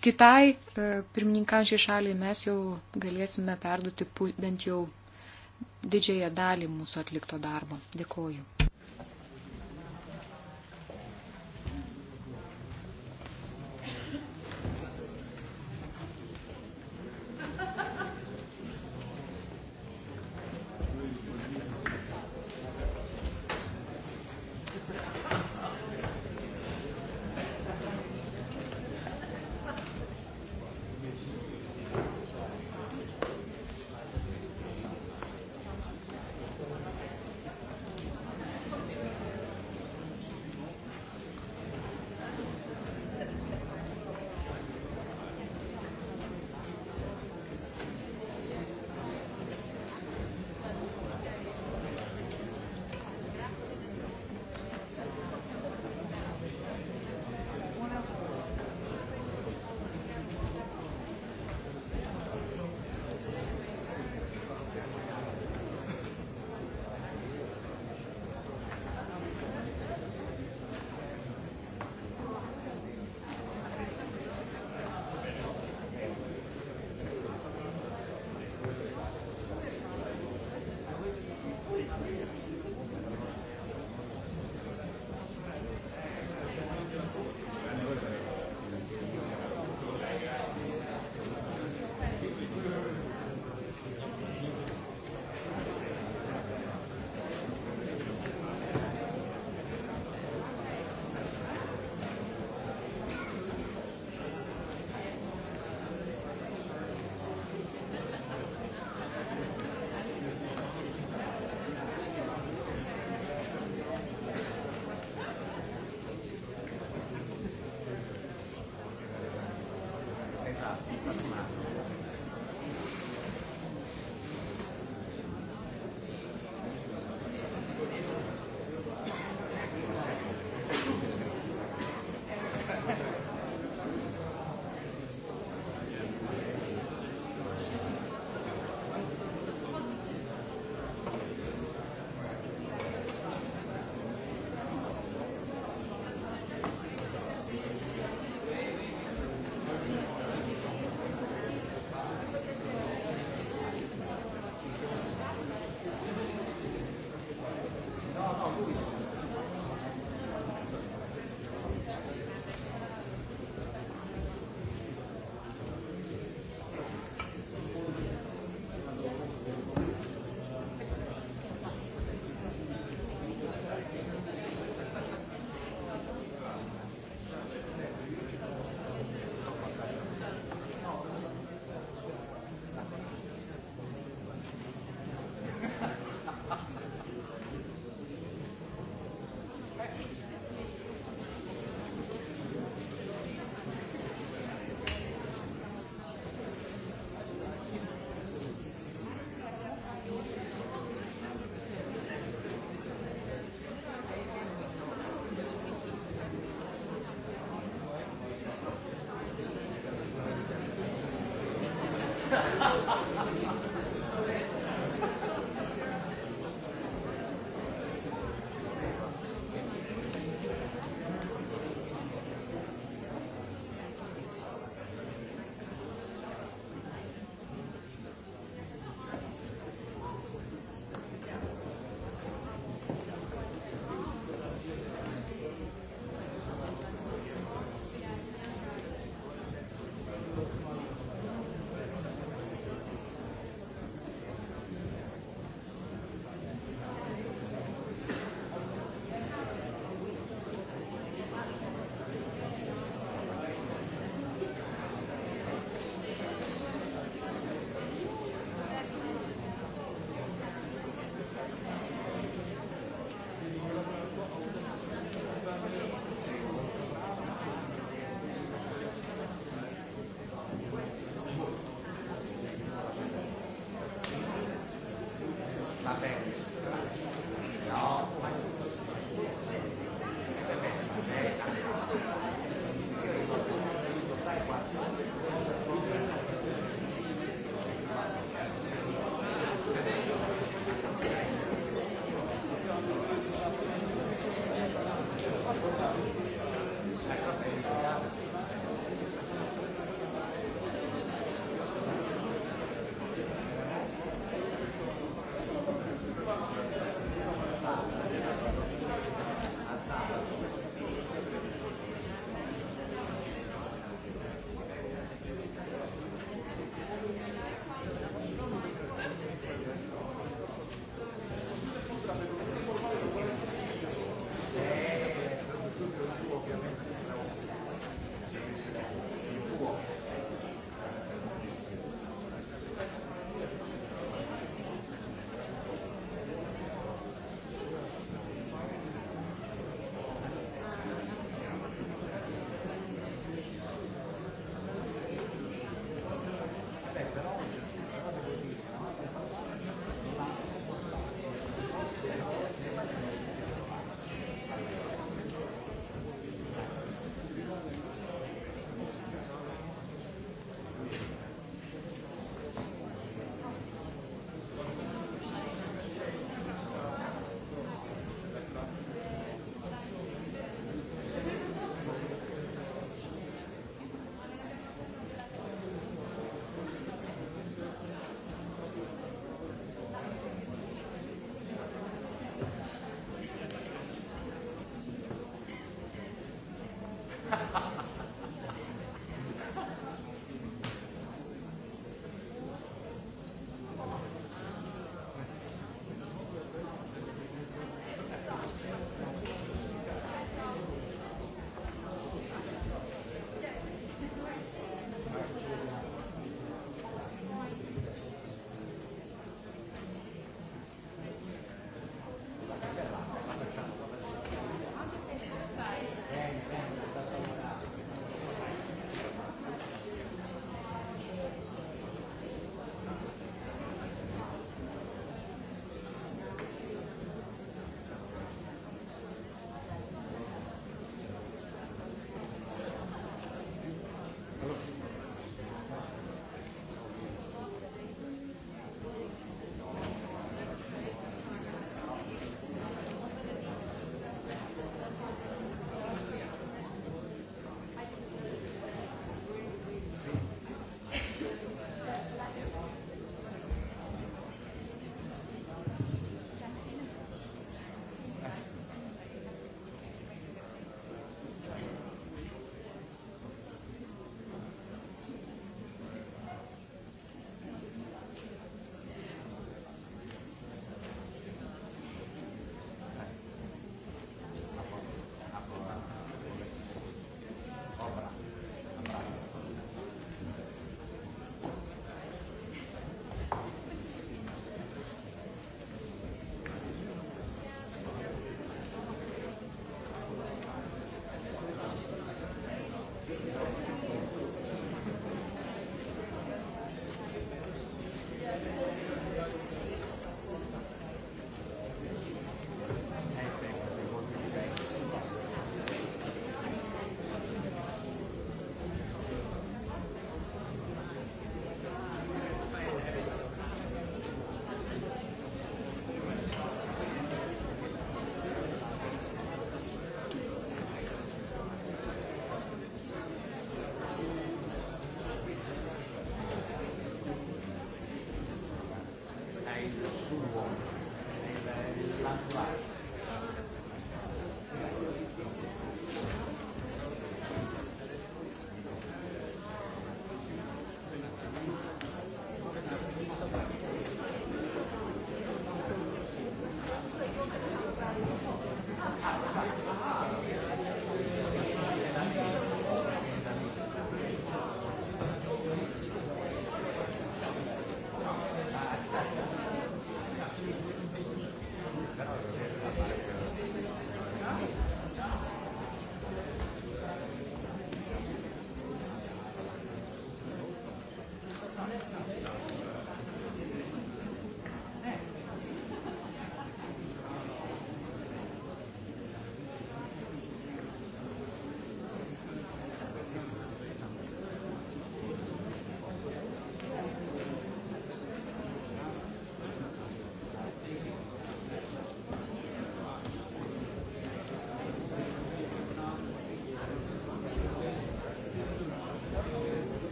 kitai e, pirmininkančiai šaliai mes jau galėsime perduoti bent jau didžiąją dalį mūsų atlikto darbo. Dėkoju.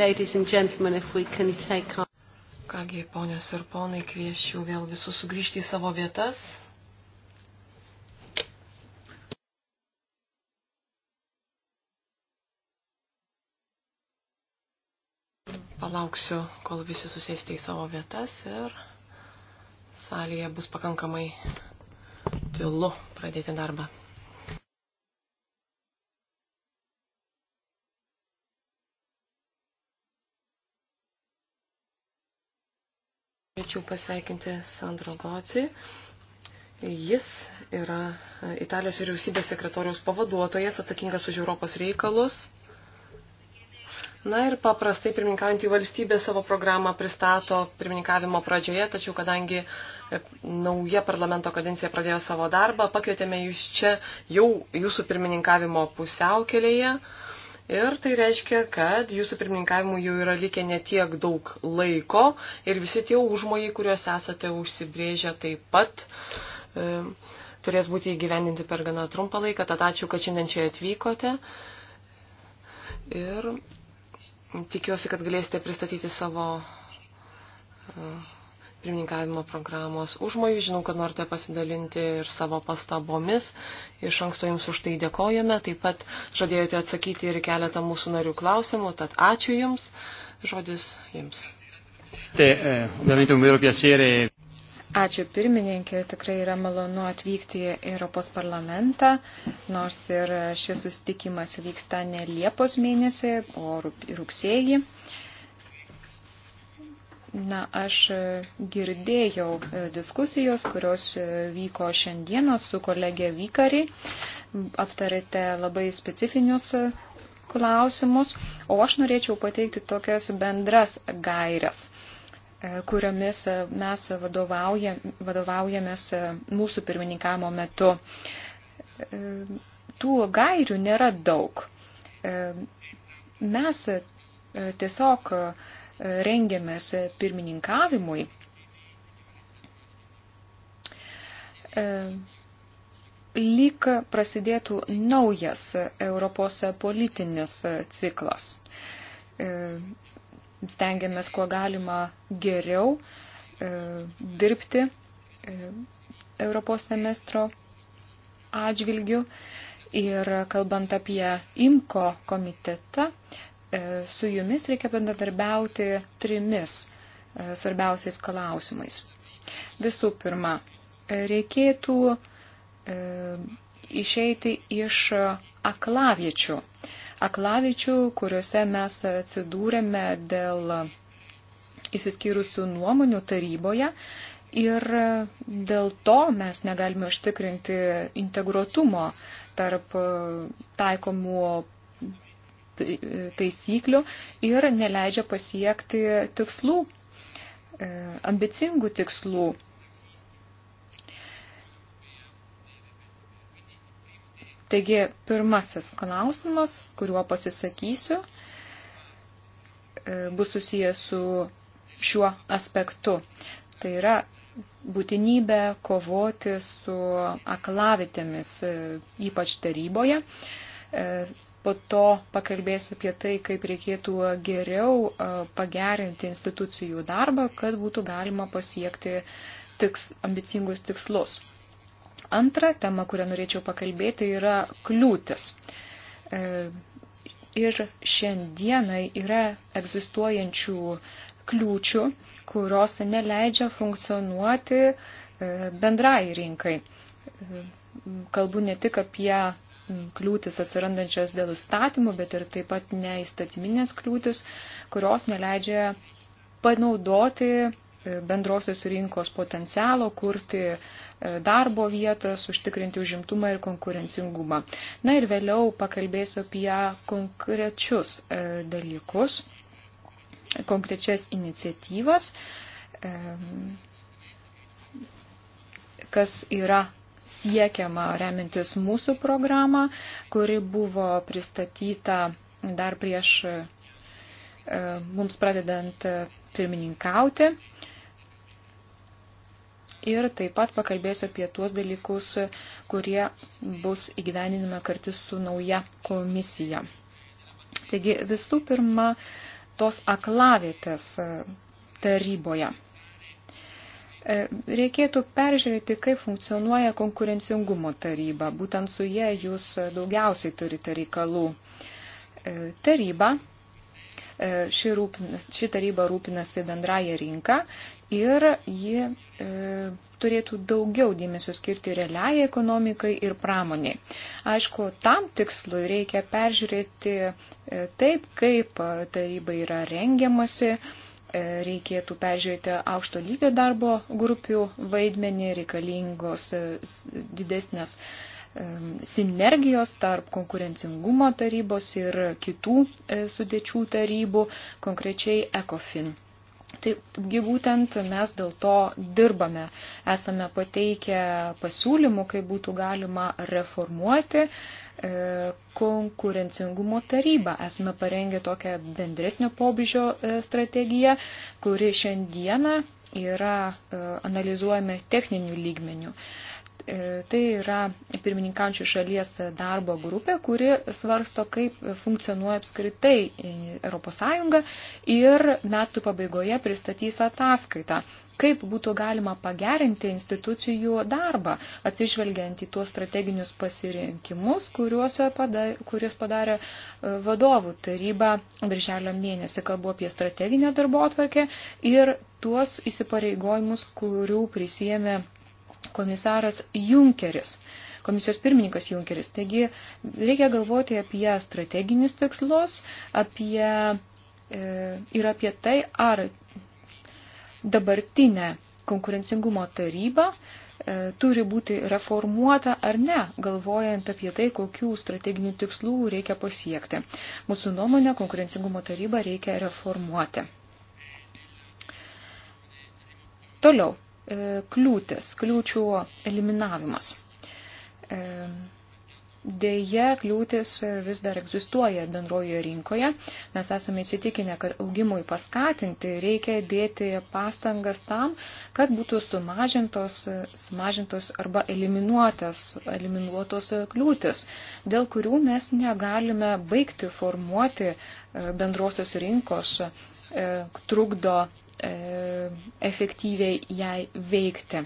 ladies and gentlemen, if we can take our... Kągi, ponios ir ponai, kviečiu vėl visus sugrįžti į savo vietas. Palauksiu, kol visi susėsti į savo vietas ir salėje bus pakankamai tylu pradėti darbą. norėčiau pasveikinti Sandro Goci. Jis yra Italijos vyriausybės sekretoriaus pavaduotojas, atsakingas už Europos reikalus. Na ir paprastai pirmininkaujantį valstybę savo programą pristato pirmininkavimo pradžioje, tačiau kadangi e, nauja parlamento kadencija pradėjo savo darbą, pakvietėme jūs čia jau jūsų pirmininkavimo pusiaukelėje. Uh, Ir tai reiškia, kad jūsų pirmininkavimu jau yra likę netiek daug laiko ir visi tie užmojai, kuriuos esate užsibrėžę, taip pat e, turės būti įgyvendinti per gana trumpą laiką. Tad ačiū, kad šiandien čia atvykote. Ir tikiuosi, kad galėsite pristatyti savo. E, pirmininkavimo programos užmojų. Žinau, kad norite pasidalinti ir savo pastabomis. Iš anksto Jums už tai dėkojame. Taip pat žadėjote atsakyti ir keletą mūsų narių klausimų, tad ačiū Jums. Žodis Jums. Eh, ačiū pirmininkė, tikrai yra malonu atvykti į Europos parlamentą, nors ir šis susitikimas vyksta ne Liepos mėnesį, o rugsėjį. Na, aš e, girdėjau e, diskusijos, kurios e, vyko šiandieną su kolegė Vykari. Aptarėte labai specifinius klausimus, o aš norėčiau pateikti tokias bendras gairias kuriomis mes vadovauja, vadovaujamės mūsų pirmininkamo metu. Tų gairių nėra daug. Mes tiesiog uh, rengiamės pirmininkavimui, e, lyg prasidėtų naujas Europos politinis ciklas. E, stengiamės, kuo galima geriau e, dirbti Europos semestro atžvilgių. Ir kalbant apie IMKO komitetą, E, su jumis reikia bendradarbiauti trimis e, svarbiausiais klausimais. Visų pirma, e, reikėtų išeiti iš aklaviečių. Aklaviečių, kuriuose mes atsidūrėme dėl įsiskyrusių nuomonių taryboje ir dėl to mes negalime užtikrinti integruotumo tarp taikomų taisyklių ir neleidžia pasiekti tikslų, e, ambicingų tikslų. Taigi, pirmasis klausimas, kuriuo pasisakysiu, e, bus susijęs su šiuo aspektu. Tai yra būtinybė kovoti su aklavitėmis, e, ypač taryboje. Po to pakalbėsiu apie tai, kaip reikėtų geriau pagerinti institucijų darbą, kad būtų galima pasiekti tiks, ambicingus tikslus. Antra tema, kurią norėčiau pakalbėti, yra kliūtis. E, ir šiandienai yra egzistuojančių kliūčių, kurios neleidžia funkcionuoti e, bendrai rinkai. E, kalbu ne tik apie kliūtis atsirandančias dėl įstatymų, bet ir taip pat neįstatyminės kliūtis, kurios neleidžia panaudoti e, bendrosios rinkos potencialo, kurti e, darbo vietas, užtikrinti užimtumą ir konkurencingumą. Na ir vėliau pakalbėsiu apie konkrečius e, dalykus, konkrečias iniciatyvas, kas yra siekiama remintis mūsų programą, kuri buvo pristatyta dar prieš e, mums pradedant e, pirmininkauti. Ir taip pat pakalbėsiu apie tuos dalykus, kurie bus įgyveninami kartu su nauja komisija. Taigi visų pirma, tos aklavietės e, taryboje. E, reikėtų peržiūrėti, kaip funkcionuoja konkurencingumo taryba. Būtent su jie jūs daugiausiai turite reikalų. E, taryba, e, ši, rūpina, ši taryba rūpinasi bendrąją rinką ir ji e, turėtų daugiau dėmesio skirti realiai ekonomikai ir pramoniai. Aišku, tam tikslui reikia peržiūrėti e, taip, kaip taryba yra rengiamasi. E, E, reikėtų peržiūrėti aukšto lygio darbo grupių vaidmenį, reikalingos e, didesnės e, sinergijos tarp konkurencingumo tarybos ir kitų sudėčių tarybų, konkrečiai ECOFIN. Taigi būtent mes dėl to dirbame. Esame pateikę pasiūlymų, kaip būtų galima reformuoti E, konkurencingumo taryba. Esame parengę tokią bendresnio pobūdžio e, strategiją, kuri šiandieną yra e, analizuojami techninių lygmenių. Tai yra pirmininkančių šalies darbo grupė, kuri svarsto, kaip funkcionuoja apskritai ES ir metų pabaigoje pristatys ataskaitą kaip būtų galima pagerinti institucijų darbą, atsižvelgiant į tuos strateginius pasirinkimus, padarė, kuris e, padarė vadovų taryba birželio mėnesį. Kalbu apie strateginę darbo atvarkę ir tuos įsipareigojimus, kurių prisijėmė komisaras Junkeris komisijos pirmininkas Junkeris. Taigi reikia galvoti apie strateginius tikslus, apie, e, ir apie tai, ar dabartinė konkurencingumo taryba e, turi būti reformuota ar ne, galvojant apie tai, kokių strateginių tikslų reikia pasiekti. Mūsų nuomonė, konkurencingumo tarybą reikia reformuoti. Toliau, e, kliūtis, kliūčių eliminavimas e, Deja, kliūtis vis dar egzistuoja bendrojoje rinkoje. Mes esame įsitikinę, kad augimui paskatinti reikia dėti pastangas tam, kad būtų sumažintos, sumažintos arba eliminuotas, eliminuotos kliūtis, dėl kurių mes negalime baigti formuoti e, bendrosios rinkos, e, trukdo e, efektyviai jai veikti.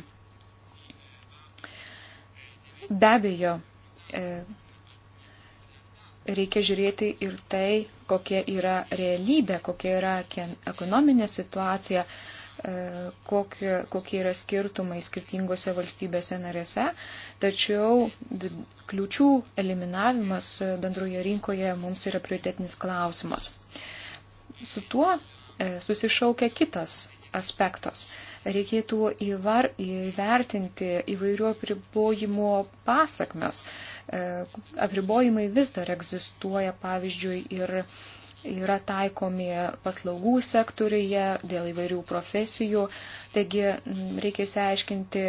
Be abejo, E, reikia žiūrėti ir tai, kokia yra realybė, kokia yra ekonominė situacija, e, kokie, kokie yra skirtumai skirtingose valstybėse narėse, tačiau kliučių eliminavimas e, bendroje rinkoje mums yra prioritetinis klausimas. Su tuo susišaukia kitas aspektas. Reikėtų įvar, įvertinti įvairių apribojimų pasakmes. E, apribojimai vis dar egzistuoja, pavyzdžiui, ir yra taikomi paslaugų sektoriuje dėl įvairių profesijų. Taigi reikia įsiaiškinti,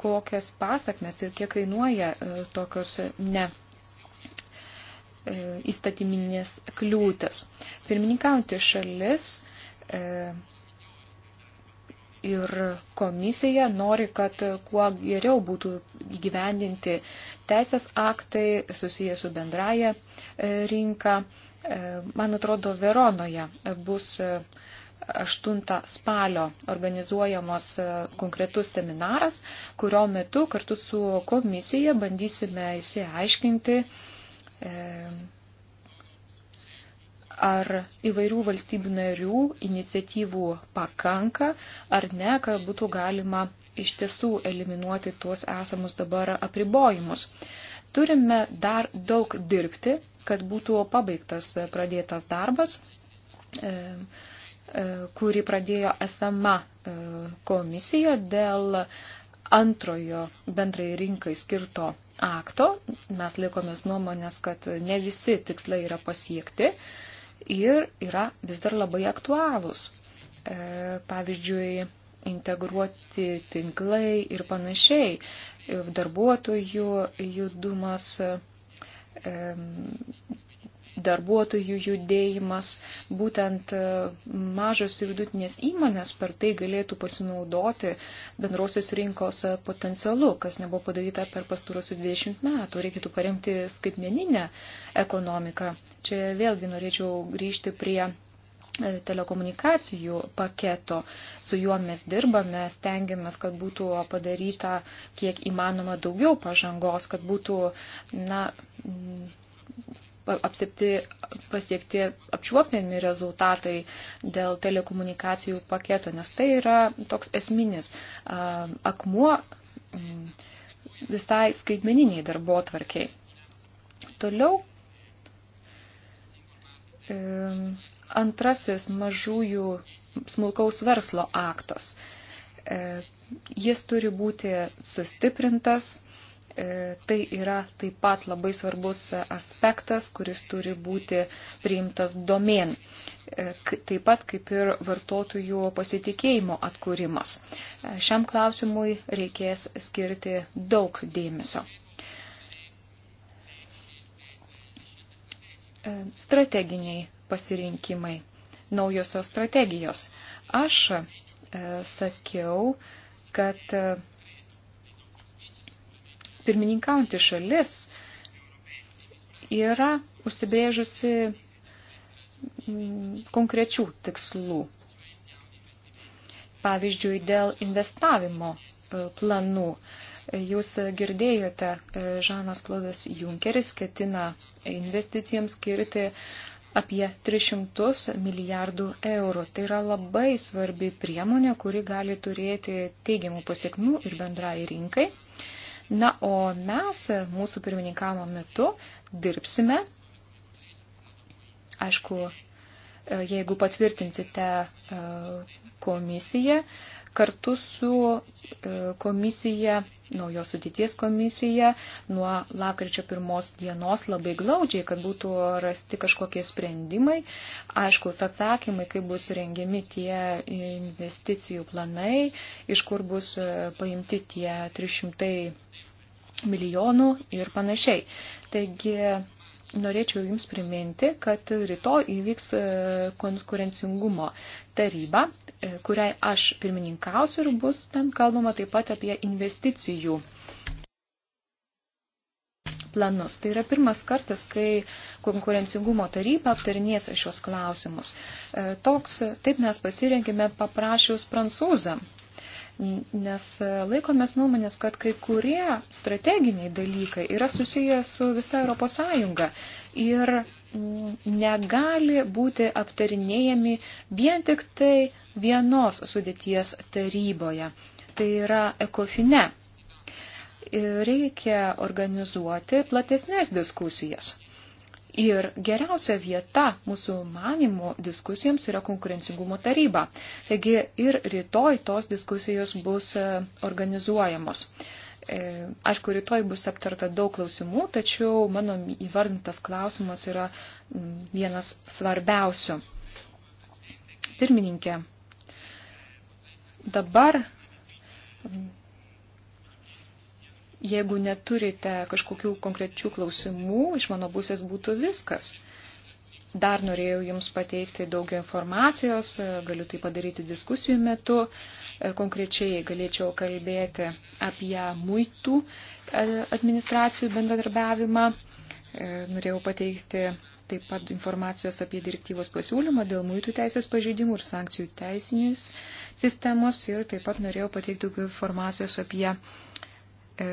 kokias pasakmes ir kiek kainuoja e, tokios ne e, įstatyminės kliūtis. Pirmininkauti šalis ir komisija nori, kad kuo geriau būtų įgyvendinti teisės aktai susiję su bendraja e, rinka. E, man atrodo, Veronoje bus 8 e, spalio organizuojamas konkretus seminaras, kurio metu kartu su komisija bandysime įsiaiškinti ar įvairių valstybių narių iniciatyvų pakanka ar ne, kad būtų galima iš tiesų eliminuoti tuos esamus dabar apribojimus. Turime dar daug dirbti, kad būtų pabaigtas pradėtas darbas, e, e, kurį pradėjo esama e, komisija dėl antrojo bendrai rinkai skirto akto. Mes laikomės nuomonės, kad ne visi tikslai yra pasiekti ir yra vis dar labai aktualūs. E, pavyzdžiui, integruoti tinklai ir panašiai, e, darbuotojų judumas, e, darbuotojų judėjimas, būtent mažos ir vidutinės įmonės per tai galėtų pasinaudoti bendrosios rinkos potencialu, kas nebuvo padaryta per pastarosius 20 metų. Reikėtų paremti skaitmeninę ekonomiką Čia vėlgi norėčiau grįžti prie e, telekomunikacijų paketo. Su juo mes dirbame, stengiamės, kad būtų padaryta kiek įmanoma daugiau pažangos, kad būtų na, apsipti, pasiekti apčiuopiami rezultatai dėl telekomunikacijų paketo, nes tai yra toks esminis a, akmuo visai skaitmeniniai darbo tvarkiai. Toliau antrasis mažųjų smulkaus verslo aktas. E, jis turi būti sustiprintas, e, tai yra taip pat labai svarbus aspektas, kuris turi būti priimtas domen, e, taip pat kaip ir vartotojų pasitikėjimo atkūrimas. Šiam klausimui reikės skirti daug dėmesio. E, strateginiai pasirinkimai, naujosios strategijos. Aš e, sakiau, kad e, pirmininkaujantį šalis yra užsibrėžusi mm, konkrečių tikslų. Pavyzdžiui, dėl investavimo planų. Jūs girdėjote, Žanas Klodas Junkeris ketina investicijoms skirti apie 300 milijardų eurų. Tai yra labai svarbi priemonė, kuri gali turėti teigiamų pasiekmių ir bendrai rinkai. Na, o mes mūsų pirmininkavimo metu dirbsime. Aišku, jeigu patvirtinsite e, komisiją, kartu su e, komisija, naujos sudėties komisija nuo lakryčio pirmos dienos labai glaudžiai, kad būtų rasti kažkokie sprendimai. Aiškus atsakymai, kaip bus rengiami tie investicijų planai, iš kur bus e, paimti tie 300 milijonų ir panašiai. Taigi, norėčiau Jums priminti, kad rytoj įvyks e, konkurencingumo taryba E, kuriai aš pirmininkausiu ir bus ten kalbama taip pat apie investicijų planus. Tai yra pirmas kartas, kai konkurencingumo taryba aptarinės šios klausimus. E, toks, taip mes pasirinkime paprašiaus prancūzą, nes e, laikomės nuomonės, kad kai kurie strateginiai dalykai yra susiję su visa Europos Sąjunga ir negali būti aptarinėjami vien tik tai vienos sudėties taryboje, tai yra ekofine. Reikia organizuoti platesnės diskusijas. Ir geriausia vieta mūsų manimų diskusijoms yra konkurencingumo taryba. Taigi ir rytoj tos diskusijos bus e, organizuojamos. E, aišku, rytoj bus aptarta daug klausimų, tačiau mano įvardintas klausimas yra vienas svarbiausių. Pirmininkė, dabar, jeigu neturite kažkokių konkrečių klausimų, iš mano pusės būtų viskas. Dar norėjau Jums pateikti daugiau informacijos, galiu tai padaryti diskusijų metu. E, konkrečiai galėčiau kalbėti apie muitų e, administracijų bendradarbiavimą. E, norėjau pateikti taip pat informacijos apie direktyvos pasiūlymą dėl muitų teisės pažeidimų ir sankcijų teisinius sistemos ir taip pat norėjau pateikti daugiau informacijos apie e,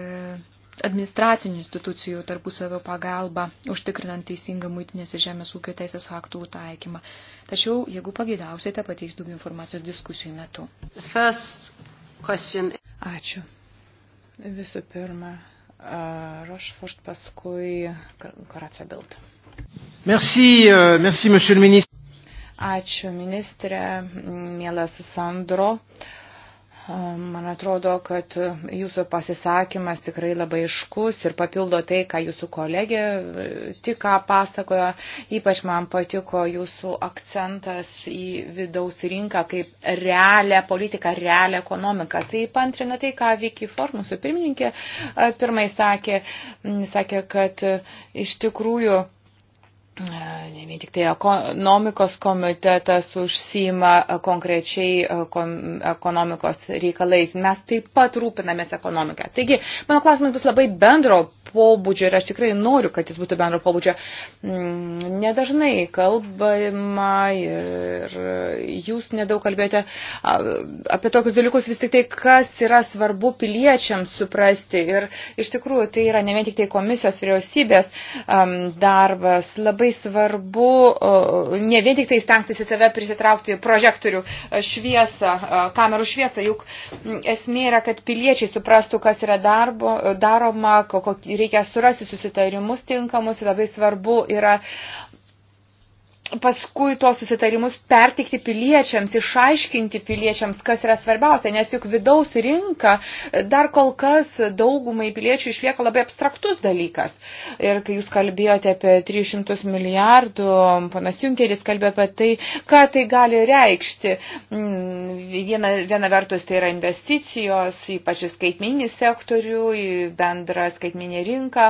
administracinių institucijų tarpusavio pagalba, užtikrinant teisingą muitinės ir žemės ūkio teisės aktų taikymą. Tačiau, jeigu pageidausite, pateiks daugiau informacijos diskusijų metu. Ačiū. Visų pirma, Rošford, paskui Karacija Bild. Merci, euh, merci, monsieur le ministre. Ačiū, ministrė, mielas Sandro. Uh, Man atrodo, kad jūsų pasisakymas tikrai labai iškus ir papildo tai, ką jūsų kolegė e, tik ką pasakojo. Ypač man patiko jūsų akcentas į vidaus rinką kaip realią politiką, realią ekonomiką. Tai pantrina tai, ką Viki Ford, mūsų pirmininkė, e, pirmai sakė, sakė, kad e, iš tikrųjų ne vien tik tai ekonomikos komitetas užsima konkrečiai ekonomikos reikalais. Mes taip pat rūpinamės ekonomiką. Taigi, mano klausimas bus labai bendro pobūdžio ir aš tikrai noriu, kad jis būtų bendro pobūdžio. Mm, nedažnai kalbama ir jūs nedaug kalbėjote apie tokius dalykus vis tik tai, kas yra svarbu piliečiams suprasti. Ir iš tikrųjų tai yra ne vien tik tai komisijos vyriausybės darbas. Labai svarbu ne vien tik tai stengtis į save prisitraukti prožektorių šviesą, kamerų šviesą, juk esmė yra, kad piliečiai suprastų, kas yra darbo, daroma, kokį reikia surasti susitarimus tinkamus, labai svarbu yra paskui tuos susitarimus pertikti piliečiams, išaiškinti piliečiams, kas yra svarbiausia, nes juk vidaus rinka e, dar kol kas daugumai piliečių išlieka labai abstraktus dalykas. Ir kai jūs kalbėjote apie 300 milijardų, panas Junkeris kalbėjo apie tai, ką tai gali reikšti. Mm, viena, viena vertus tai yra investicijos, ypač į skaitminį sektorių, į bendrą skaitminį rinką,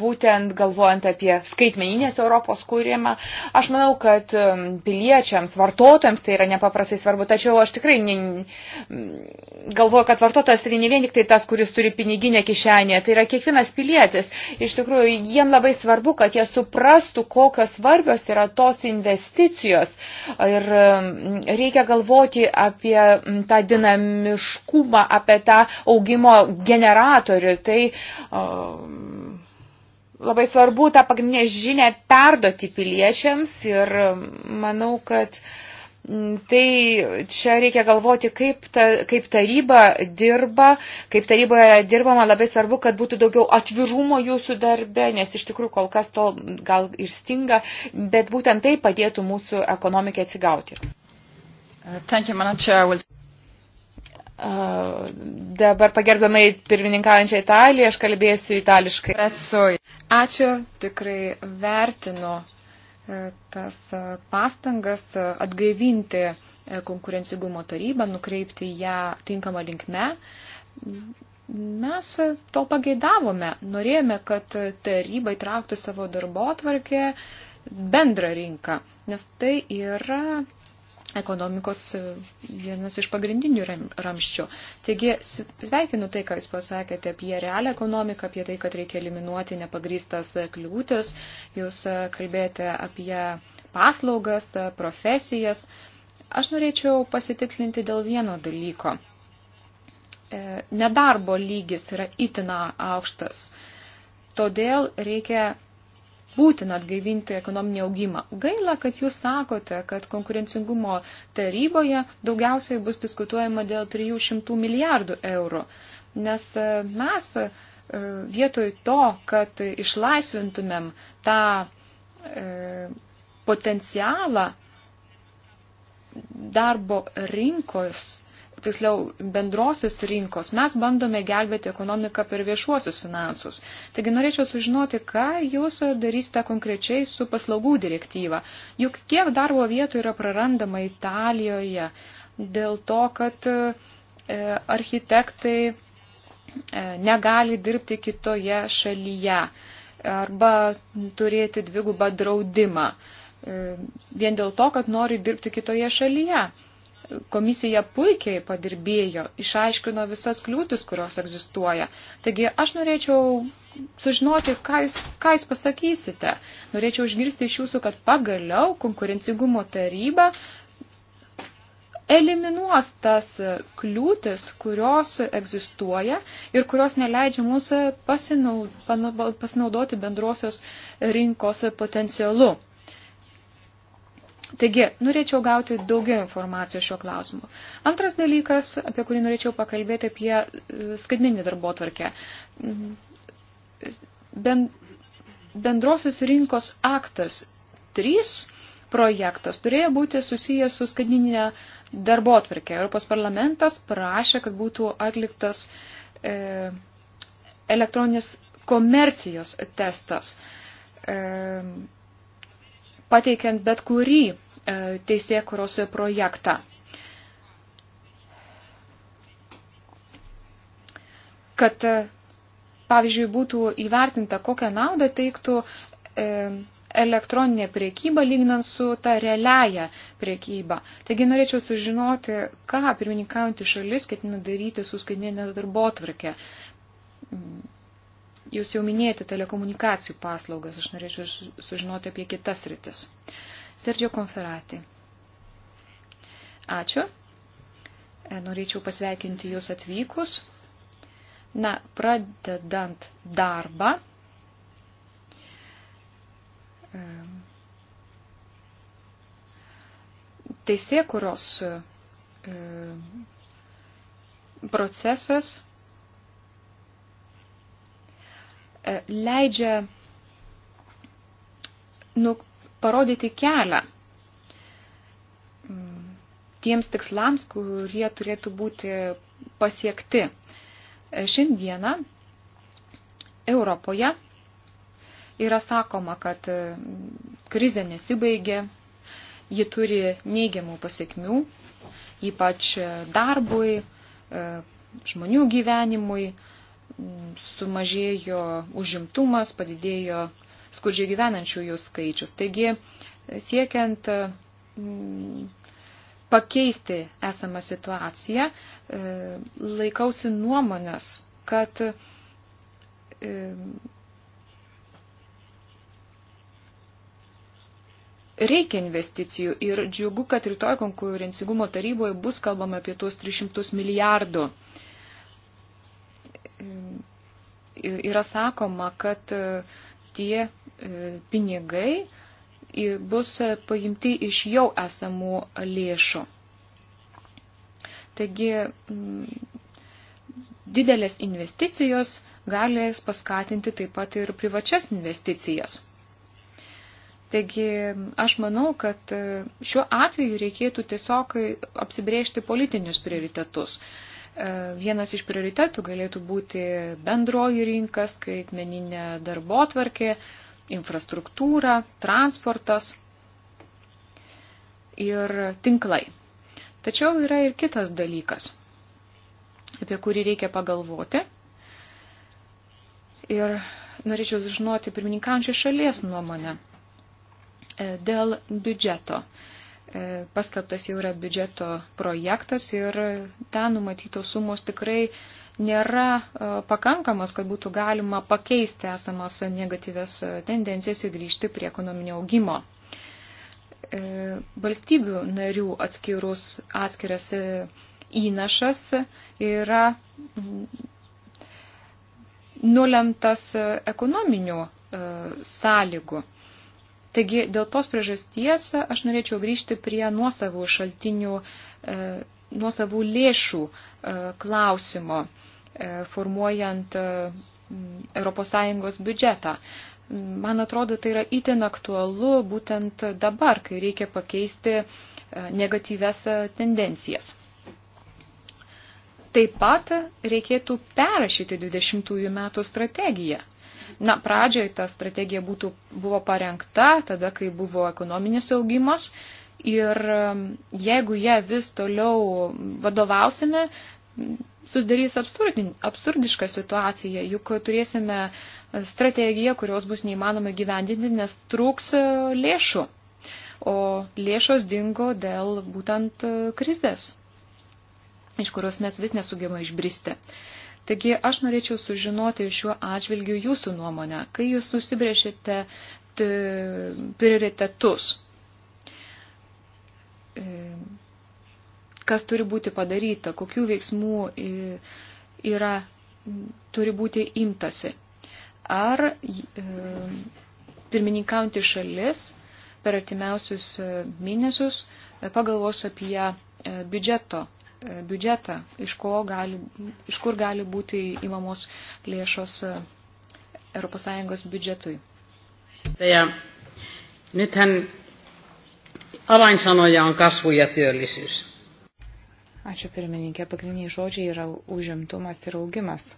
būtent galvojant apie skaitmeninės Europos kūrimą sistemą. Aš manau, kad um, piliečiams, vartotojams tai yra nepaprastai svarbu, tačiau aš tikrai ne, mm, galvoju, kad vartotojas tai ne vien tik tai tas, kuris turi piniginę kišenę, tai yra kiekvienas pilietis. Iš tikrųjų, jiem labai svarbu, kad jie suprastų, kokios svarbios yra tos investicijos. Ir um, reikia galvoti apie mm, tą dinamiškumą, apie tą augimo generatorių. Tai, um, labai svarbu tą pagrindinę žinę perdoti piliečiams ir um, manau, kad mm, Tai čia reikia galvoti, kaip, ta, kaip taryba dirba, kaip taryboje dirbama, labai svarbu, kad būtų daugiau atvirumo jūsų darbe, nes iš tikrųjų kol kas to gal ir stinga, bet būtent tai padėtų mūsų ekonomikai atsigauti. Thank you, Dabar pagerbdamai pirmininkaujančią Italiją, aš kalbėsiu itališkai. Ačiū, tikrai vertinu e, tas e, pastangas e, atgaivinti konkurencigumo tarybą, nukreipti ją tinkamą linkme. Mes to pageidavome, norėjome, kad taryba įtrauktų savo darbo tvarkę bendrą rinką, nes tai yra ekonomikos e, vienas iš pagrindinių ramščių. Taigi sveikinu tai, ką Jūs pasakėte apie realią ekonomiką, apie tai, kad reikia eliminuoti nepagrystas e, kliūtis. Jūs e, kalbėjote apie paslaugas, profesijas. Aš norėčiau pasitikslinti dėl vieno dalyko. Nedarbo lygis yra itina aukštas. Todėl reikia būtina atgaivinti ekonominį augimą. Gaila, kad jūs sakote, kad konkurencingumo taryboje daugiausiai bus diskutuojama dėl 300 milijardų eurų, nes e, mes e, vietoj to, kad išlaisvintumėm tą e, potencialą darbo rinkos tiksliau bendrosios rinkos, mes bandome gelbėti ekonomiką per viešuosius finansus. Taigi norėčiau sužinoti, ką jūs darysite konkrečiai su paslaugų direktyva. Juk kiek darbo vietų yra prarandama Italijoje dėl to, kad e, architektai e, negali dirbti kitoje šalyje arba turėti dvigubą draudimą e, vien dėl to, kad nori dirbti kitoje šalyje. Komisija puikiai padirbėjo, išaiškino visas kliūtis, kurios egzistuoja. Taigi aš norėčiau sužinoti, ką jūs, ką jūs pasakysite. Norėčiau išgirsti iš jūsų, kad pagaliau konkurencingumo taryba eliminuos tas kliūtis, kurios egzistuoja ir kurios neleidžia mums pasinaudoti bendrosios rinkos potencialu. Taigi, norėčiau gauti daugiau informacijos šiuo klausimu. Antras dalykas, apie kurį norėčiau pakalbėti, apie e, skaitmeninį darbo tvarkę. Mm, bendrosios rinkos aktas 3 projektas turėjo būti susijęs su skaitmeninė darbo tvarkė. Europos parlamentas prašė, kad būtų atliktas e, elektroninės komercijos testas. E, pateikiant bet kurį e, teisėkuros projektą. Kad, e, pavyzdžiui, būtų įvertinta, kokią naudą teiktų e, elektroninė priekyba lyginant su ta realiaja priekyba. Taigi norėčiau sužinoti, ką pirmininkaujantį šalis ketina daryti su skaitmeninė darbo tvarkė Jūs jau minėjote telekomunikacijų paslaugas, aš norėčiau sužinoti apie kitas rytis. Sergio Konferati. Ačiū. E, norėčiau pasveikinti Jūs atvykus. Na, pradedant darbą. E, teisėkuros e, procesas E, leidžia nu, parodyti kelią mm, tiems tikslams, kurie turėtų būti pasiekti. E, šiandieną Europoje yra sakoma, kad e, krizė nesibaigė, ji turi neigiamų pasiekmių, ypač darbui, žmonių gyvenimui, sumažėjo užimtumas, padidėjo skurdžiai gyvenančiųjų skaičius. Taigi, siekiant mm, pakeisti esamą situaciją, e, laikausi nuomonės, kad e, reikia investicijų ir džiugu, kad rytoj konkurencingumo taryboje bus kalbama apie tuos 300 milijardų yra sakoma, kad e, tie e, pinigai bus e, paimti iš jau esamų lėšų. Taigi mm, didelės investicijos galės paskatinti taip pat ir privačias investicijas. Taigi aš manau, kad šiuo atveju reikėtų tiesiog apsibrėžti politinius prioritetus. E, vienas iš prioritetų galėtų būti bendroji rinka, skaitmeninė darbotvarkė, infrastruktūra, transportas ir tinklai. Tačiau yra ir kitas dalykas, apie kurį reikia pagalvoti. Ir norėčiau sužinoti pirmininkančią šalies nuomonę e, dėl biudžeto. Uh, E, paskelbtas jau yra biudžeto projektas ir ten numatytos sumos tikrai nėra e, pakankamas, kad būtų galima pakeisti esamas negatyves e, tendencijas ir grįžti prie ekonominio augimo. Valstybių narių atskirus, atskiras įnašas yra mm, nulemtas ekonominių sąlygų. Taigi dėl tos priežasties aš norėčiau grįžti prie nuosavų šaltinių, e, nuosavų lėšų e, klausimo, e, formuojant ES biudžetą. Man atrodo, tai yra itin aktualu būtent dabar, kai reikia pakeisti negatyves tendencijas. Taip pat reikėtų perrašyti 20 metų strategiją. Na, pradžioje ta strategija būtų, buvo parengta tada, kai buvo ekonominis augimas ir um, jeigu ją vis toliau vadovausime, susidarys absurdišką situaciją, juk turėsime strategiją, kurios bus neįmanoma gyvendinti, nes trūks uh, lėšų. O lėšos dingo dėl būtent uh, krizės, iš kurios mes vis nesugebame išbristi. Taigi aš norėčiau sužinoti šiuo atžvilgiu jūsų nuomonę, kai jūs nusibrėžite prioritetus, e, kas turi būti padaryta, kokių veiksmų e, yra, turi būti imtasi. Ar e, pirmininkaujantį šalis per artimiausius mėnesius pagalvos apie biudžeto E, biudžetą, iš, gali, iš kur gali būti įmamos lėšos ES biudžetui. Ja nythän avainsanoja on kasvu ja työllisyys. Ačiū pirmininkė, pagrindiniai žodžiai yra užimtumas ir augimas.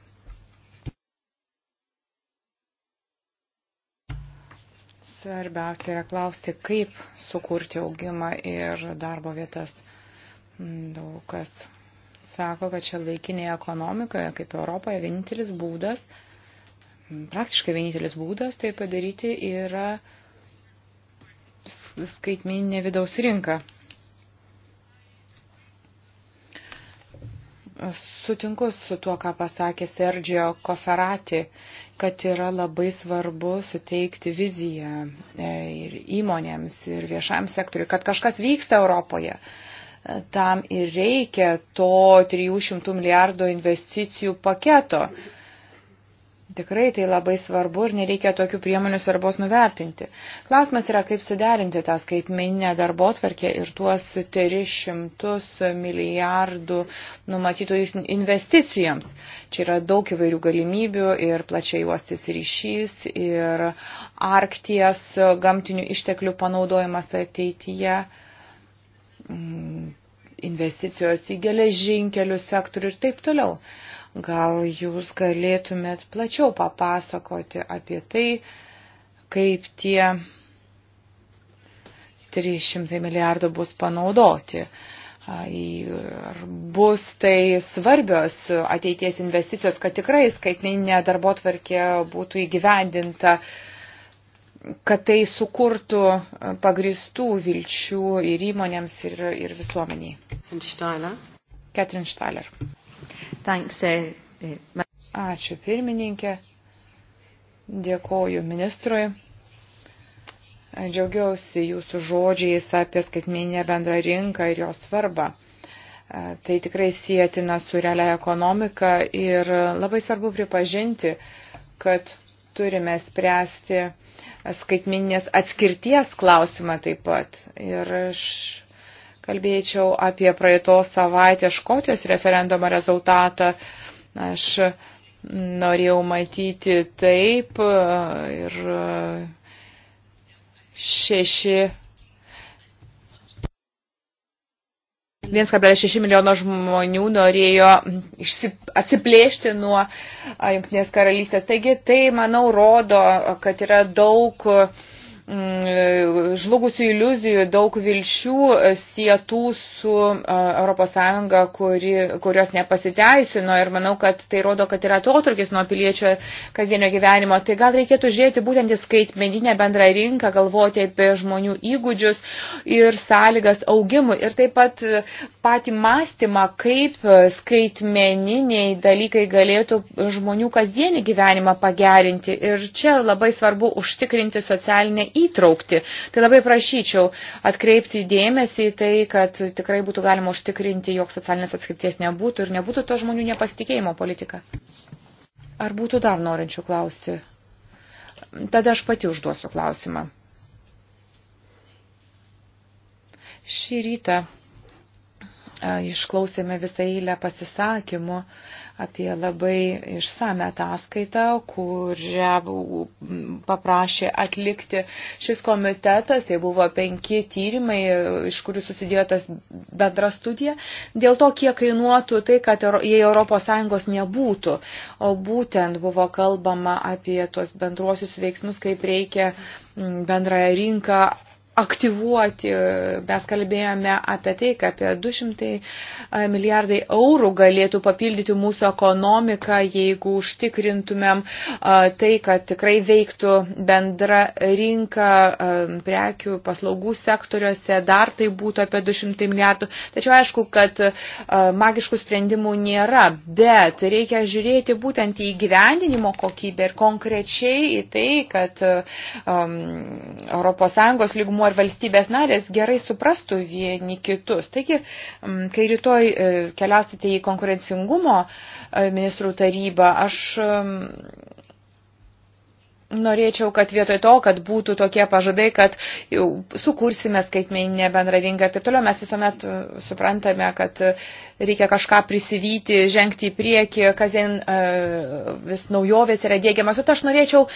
Svarbiausia yra klausti, kaip sukurti augimą ir darbo vietas. Daug kas sako, kad čia laikinėje ekonomikoje, kaip Europoje, vienintelis būdas, praktiškai vienintelis būdas tai padaryti yra skaitmininė vidaus rinka. Sutinku su tuo, ką pasakė Sergio Koferati, kad yra labai svarbu suteikti viziją e, ir įmonėms, ir viešam sektoriui, kad kažkas vyksta Europoje tam ir reikia to 300 milijardo investicijų paketo. Tikrai tai labai svarbu ir nereikia tokių priemonių svarbos nuvertinti. Klausimas yra, kaip suderinti tą skaitmeninę darbo tvarkę ir tuos 300 milijardų numatytų investicijoms. Čia yra daug įvairių galimybių ir plačiai juostis ryšys ir arkties gamtinių išteklių panaudojimas ateityje. Tai Mm, investicijos į geležinkelių sektorių ir taip toliau. Gal jūs galėtumėt plačiau papasakoti apie tai, kaip tie 300 milijardų bus panaudoti. Ar bus tai svarbios ateities investicijos, kad tikrai skaitmeninė darbo tvarkė būtų įgyvendinta uh, kad tai sukurtų e, pagristų vilčių ir įmonėms, ir, ir visuomeniai. Ketrin Štaler. Eh, eh, Ačiū pirmininkė. Dėkoju ministrui. Džiaugiausi jūsų žodžiais apie skaitminę bendrą rinką ir jos svarbą. E, tai tikrai sėtina su realia ekonomika ir labai svarbu pripažinti, kad turime spręsti uh, skaitmininės atskirties klausimą taip pat. Ir aš kalbėčiau apie praeitos savaitės Škotijos referendumo rezultatą. Aš norėjau matyti taip e, ir e, šeši 1,6 milijono žmonių norėjo atsiplėšti nuo Junktinės karalystės. Taigi tai, manau, rodo, kad yra daug uh, Mm, žlugusių iliuzijų, daug vilčių e, sietų su ES, kuri, kurios nepasiteisino ir manau, kad tai rodo, kad yra atotrukis nuo piliečio kasdienio gyvenimo. Tai gal reikėtų žiūrėti būtent į skaitmeninę bendrą rinką, galvoti apie žmonių įgūdžius ir sąlygas augimui ir taip pat e, patį mąstymą, kaip skaitmeniniai dalykai galėtų žmonių kasdienį gyvenimą pagerinti. Ir čia labai svarbu užtikrinti socialinę įgūdžių įtraukti. Tai labai prašyčiau atkreipti dėmesį į tai, kad tikrai būtų galima užtikrinti, jog socialinės atskirties nebūtų ir nebūtų to žmonių nepasitikėjimo politika. Ar būtų dar norinčių klausti? Tada aš pati užduosiu klausimą. Šį rytą išklausėme visą eilę pasisakymų apie labai išsame ataskaitą, kurią paprašė atlikti šis komitetas. Tai buvo penki tyrimai, iš kurių susidėjo tas bendra studija. Dėl to, kiek kainuotų tai, kad jei ES nebūtų, o būtent buvo kalbama apie tuos bendruosius veiksmus, kaip reikia bendrąją rinką aktyvuoti. Mes kalbėjome apie tai, kad apie 200 milijardai eurų galėtų papildyti mūsų ekonomiką, jeigu užtikrintumėm tai, kad tikrai veiktų bendra rinka prekių, paslaugų sektoriuose, dar tai būtų apie 200 milijardų. Tačiau aišku, kad magiškų sprendimų nėra, bet reikia žiūrėti būtent į gyvendinimo kokybę ir konkrečiai į tai, kad um, ES lygmuo ar valstybės narės gerai suprastų vieni kitus. Taigi, kai rytoj e, keliausite į konkurencingumo e, ministrų tarybą, aš norėčiau, kad vietoj to, kad būtų tokie pažadai, kad sukursime skaitmeninę bendrą rinką ir taip toliau, mes visuomet e, suprantame, kad reikia kažką prisivyti, žengti į priekį, kasdien vis naujovės yra dėgiamas. O aš norėčiau uh,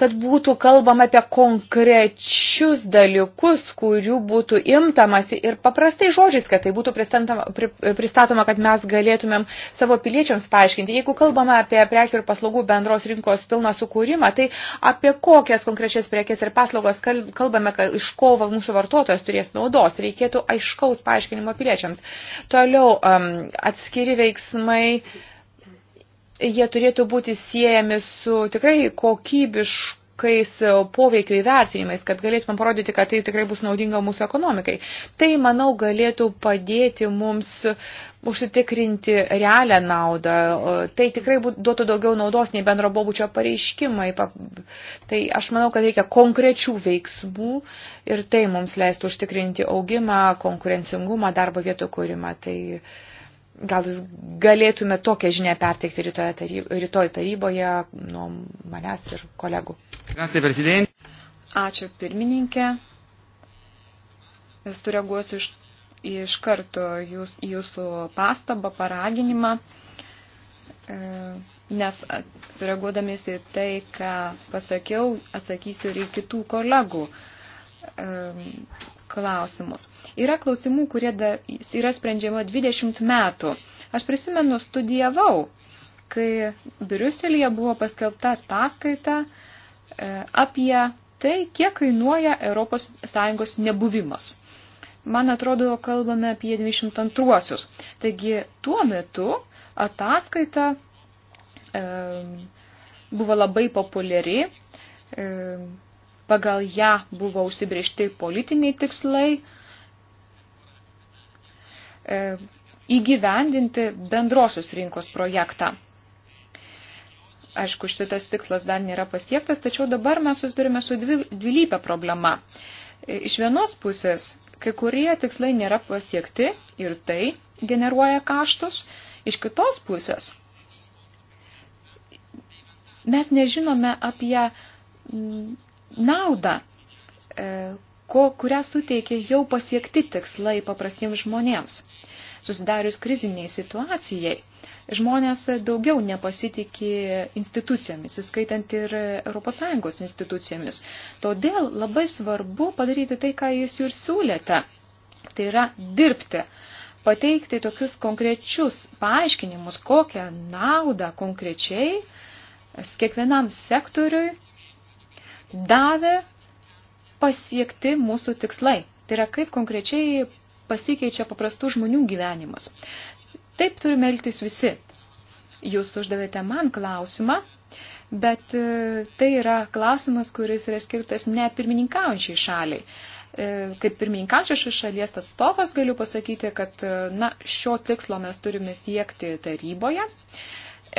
kad būtų kalbama apie konkrečius dalykus, kurių būtų imtamasi ir paprastai žodžiais, kad tai būtų pristatoma, kad mes galėtumėm savo piliečiams paaiškinti. Jeigu kalbama apie prekių ir paslaugų bendros rinkos pilną sukūrimą, tai apie kokias konkrečias prekės ir paslaugos kalbame, kad iš ko mūsų vartotojas turės naudos, reikėtų aiškaus paaiškinimo piliečiams. Toliau um, atskiri veiksmai. Uh, jie turėtų būti siejami su tikrai kokybišku poveikio įvertinimais, kad galėtume parodyti, kad tai tikrai bus naudinga mūsų ekonomikai. Tai, manau, galėtų padėti mums užsitikrinti realią naudą. Tai tikrai duotų daugiau naudos nei bendro bobučio pareiškimai. Tai aš manau, kad reikia konkrečių veiksmų ir tai mums leistų užtikrinti augimą, konkurencingumą, darbo vietų kūrimą. Tai Gal jūs galėtume tokią žinią perteikti rytoj, taryb, rytoj taryboje nuo manęs ir kolegų. Ačiū pirmininkė. Jūs sureaguosiu iš, iš karto jūs, jūsų pastabą, paraginimą, e, nes sureaguodamis į tai, ką pasakiau, atsakysiu ir į kitų kolegų e, klausimus. Yra klausimų, kurie dar yra sprendžiama 20 metų. Aš prisimenu, studijavau, kai Briuselėje buvo paskelbta ataskaita e, apie tai, kiek kainuoja ES nebuvimas. Man atrodo, kalbame apie 22-uosius. Taigi tuo metu ataskaita e, buvo labai populiari. E, Pagal ją buvo užsibriežti politiniai tikslai e, įgyvendinti bendrosios rinkos projektą. Aišku, šitas tikslas dar nėra pasiektas, tačiau dabar mes susidurime su dvi, dvilypė problema. E, iš vienos pusės kai kurie tikslai nėra pasiekti ir tai generuoja kaštus. Iš kitos pusės mes nežinome apie naudą, e, ko, kurią suteikia jau pasiekti tikslai paprastiems žmonėms. Susidarius kriziniai situacijai, žmonės daugiau nepasitikė institucijomis, įskaitant ir ES institucijomis. Todėl labai svarbu padaryti tai, ką jūs ir siūlėte. Tai yra dirbti, pateikti tokius konkrečius paaiškinimus, kokią naudą konkrečiai kiekvienam sektoriui davė pasiekti mūsų tikslai. Tai yra, kaip konkrečiai pasikeičia paprastų žmonių gyvenimas. Taip turime elgtis visi. Jūs uždavėte man klausimą, bet e, tai yra klausimas, kuris yra skirtas ne pirmininkaujančiai šaliai. E, kaip pirmininkaujančios šalies atstovas galiu pasakyti, kad e, na, šio tikslo mes turime siekti taryboje,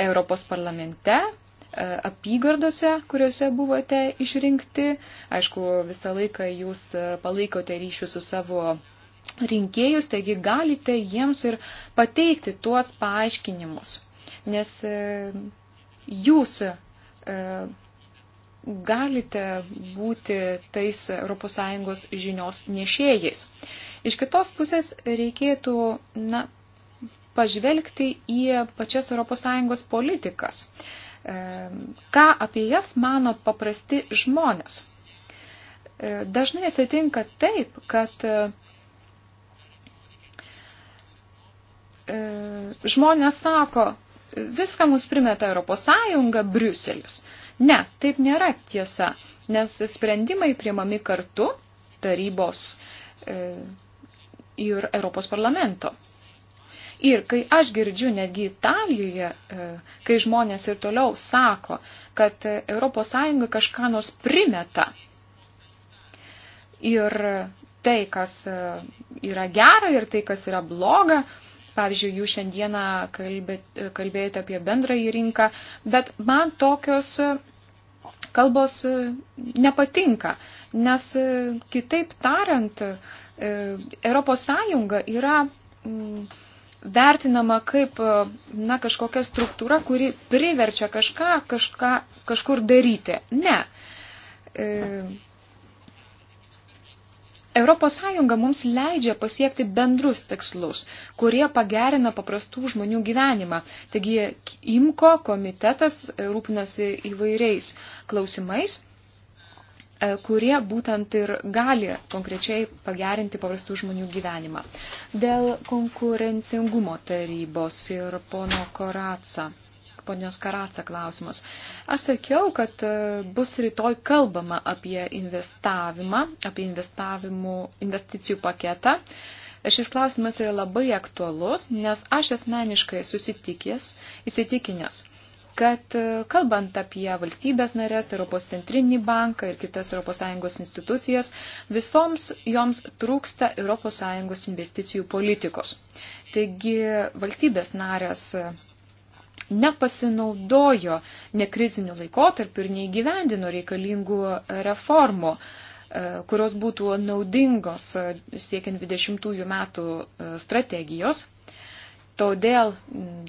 Europos parlamente, E, apygardose, kuriuose buvote išrinkti. Aišku, visą laiką jūs e, palaikote ryšių su savo rinkėjus, taigi galite jiems ir pateikti tuos paaiškinimus. Nes e, jūs galite būti tais ES žinios nešėjais. Iš kitos pusės reikėtų na, pažvelgti į pačias ES politikas ką apie jas mano paprasti žmonės. E, dažnai atsitinka taip, kad e, e, žmonės sako, viską mus primeta Europos Sąjunga, Briuselis. Ne, taip nėra tiesa, nes sprendimai priimami kartu tarybos ir Europos parlamento. Ir kai aš girdžiu netgi Italijoje, e, kai žmonės ir toliau sako, kad ES kažką nors primeta. Ir tai, kas e, yra gera ir tai, kas yra bloga, Pavyzdžiui, jūs šiandieną e, kalbėjote apie bendrąjį rinką, bet man tokios kalbos nepatinka, nes kitaip tariant, ES yra vertinama kaip e, na, kažkokia struktūra, kuri priverčia kažką, kažką kažkur daryti. Ne. E, Europos Sąjunga mums leidžia pasiekti bendrus tikslus, kurie pagerina paprastų žmonių gyvenimą. Taigi IMKO komitetas rūpinasi įvairiais klausimais E, kurie būtent ir gali konkrečiai pagerinti paprastų žmonių gyvenimą. Dėl konkurencingumo tarybos ir pono Koratsa ponios Karatsa klausimas. Aš sakiau, kad e, bus rytoj kalbama apie investavimą, apie investavimų, investicijų paketą. Šis klausimas yra labai aktualus, nes aš asmeniškai susitikęs, įsitikinęs, kad e, kalbant apie valstybės narės, Europos centrinį banką ir kitas ES institucijas, visoms joms trūksta ES investicijų politikos. Taigi valstybės narės e, nepasinaudojo nekrizinių laikotarpių ir neįgyvendino reikalingų reformų e, kurios būtų naudingos siekiant 20 metų strategijos Todėl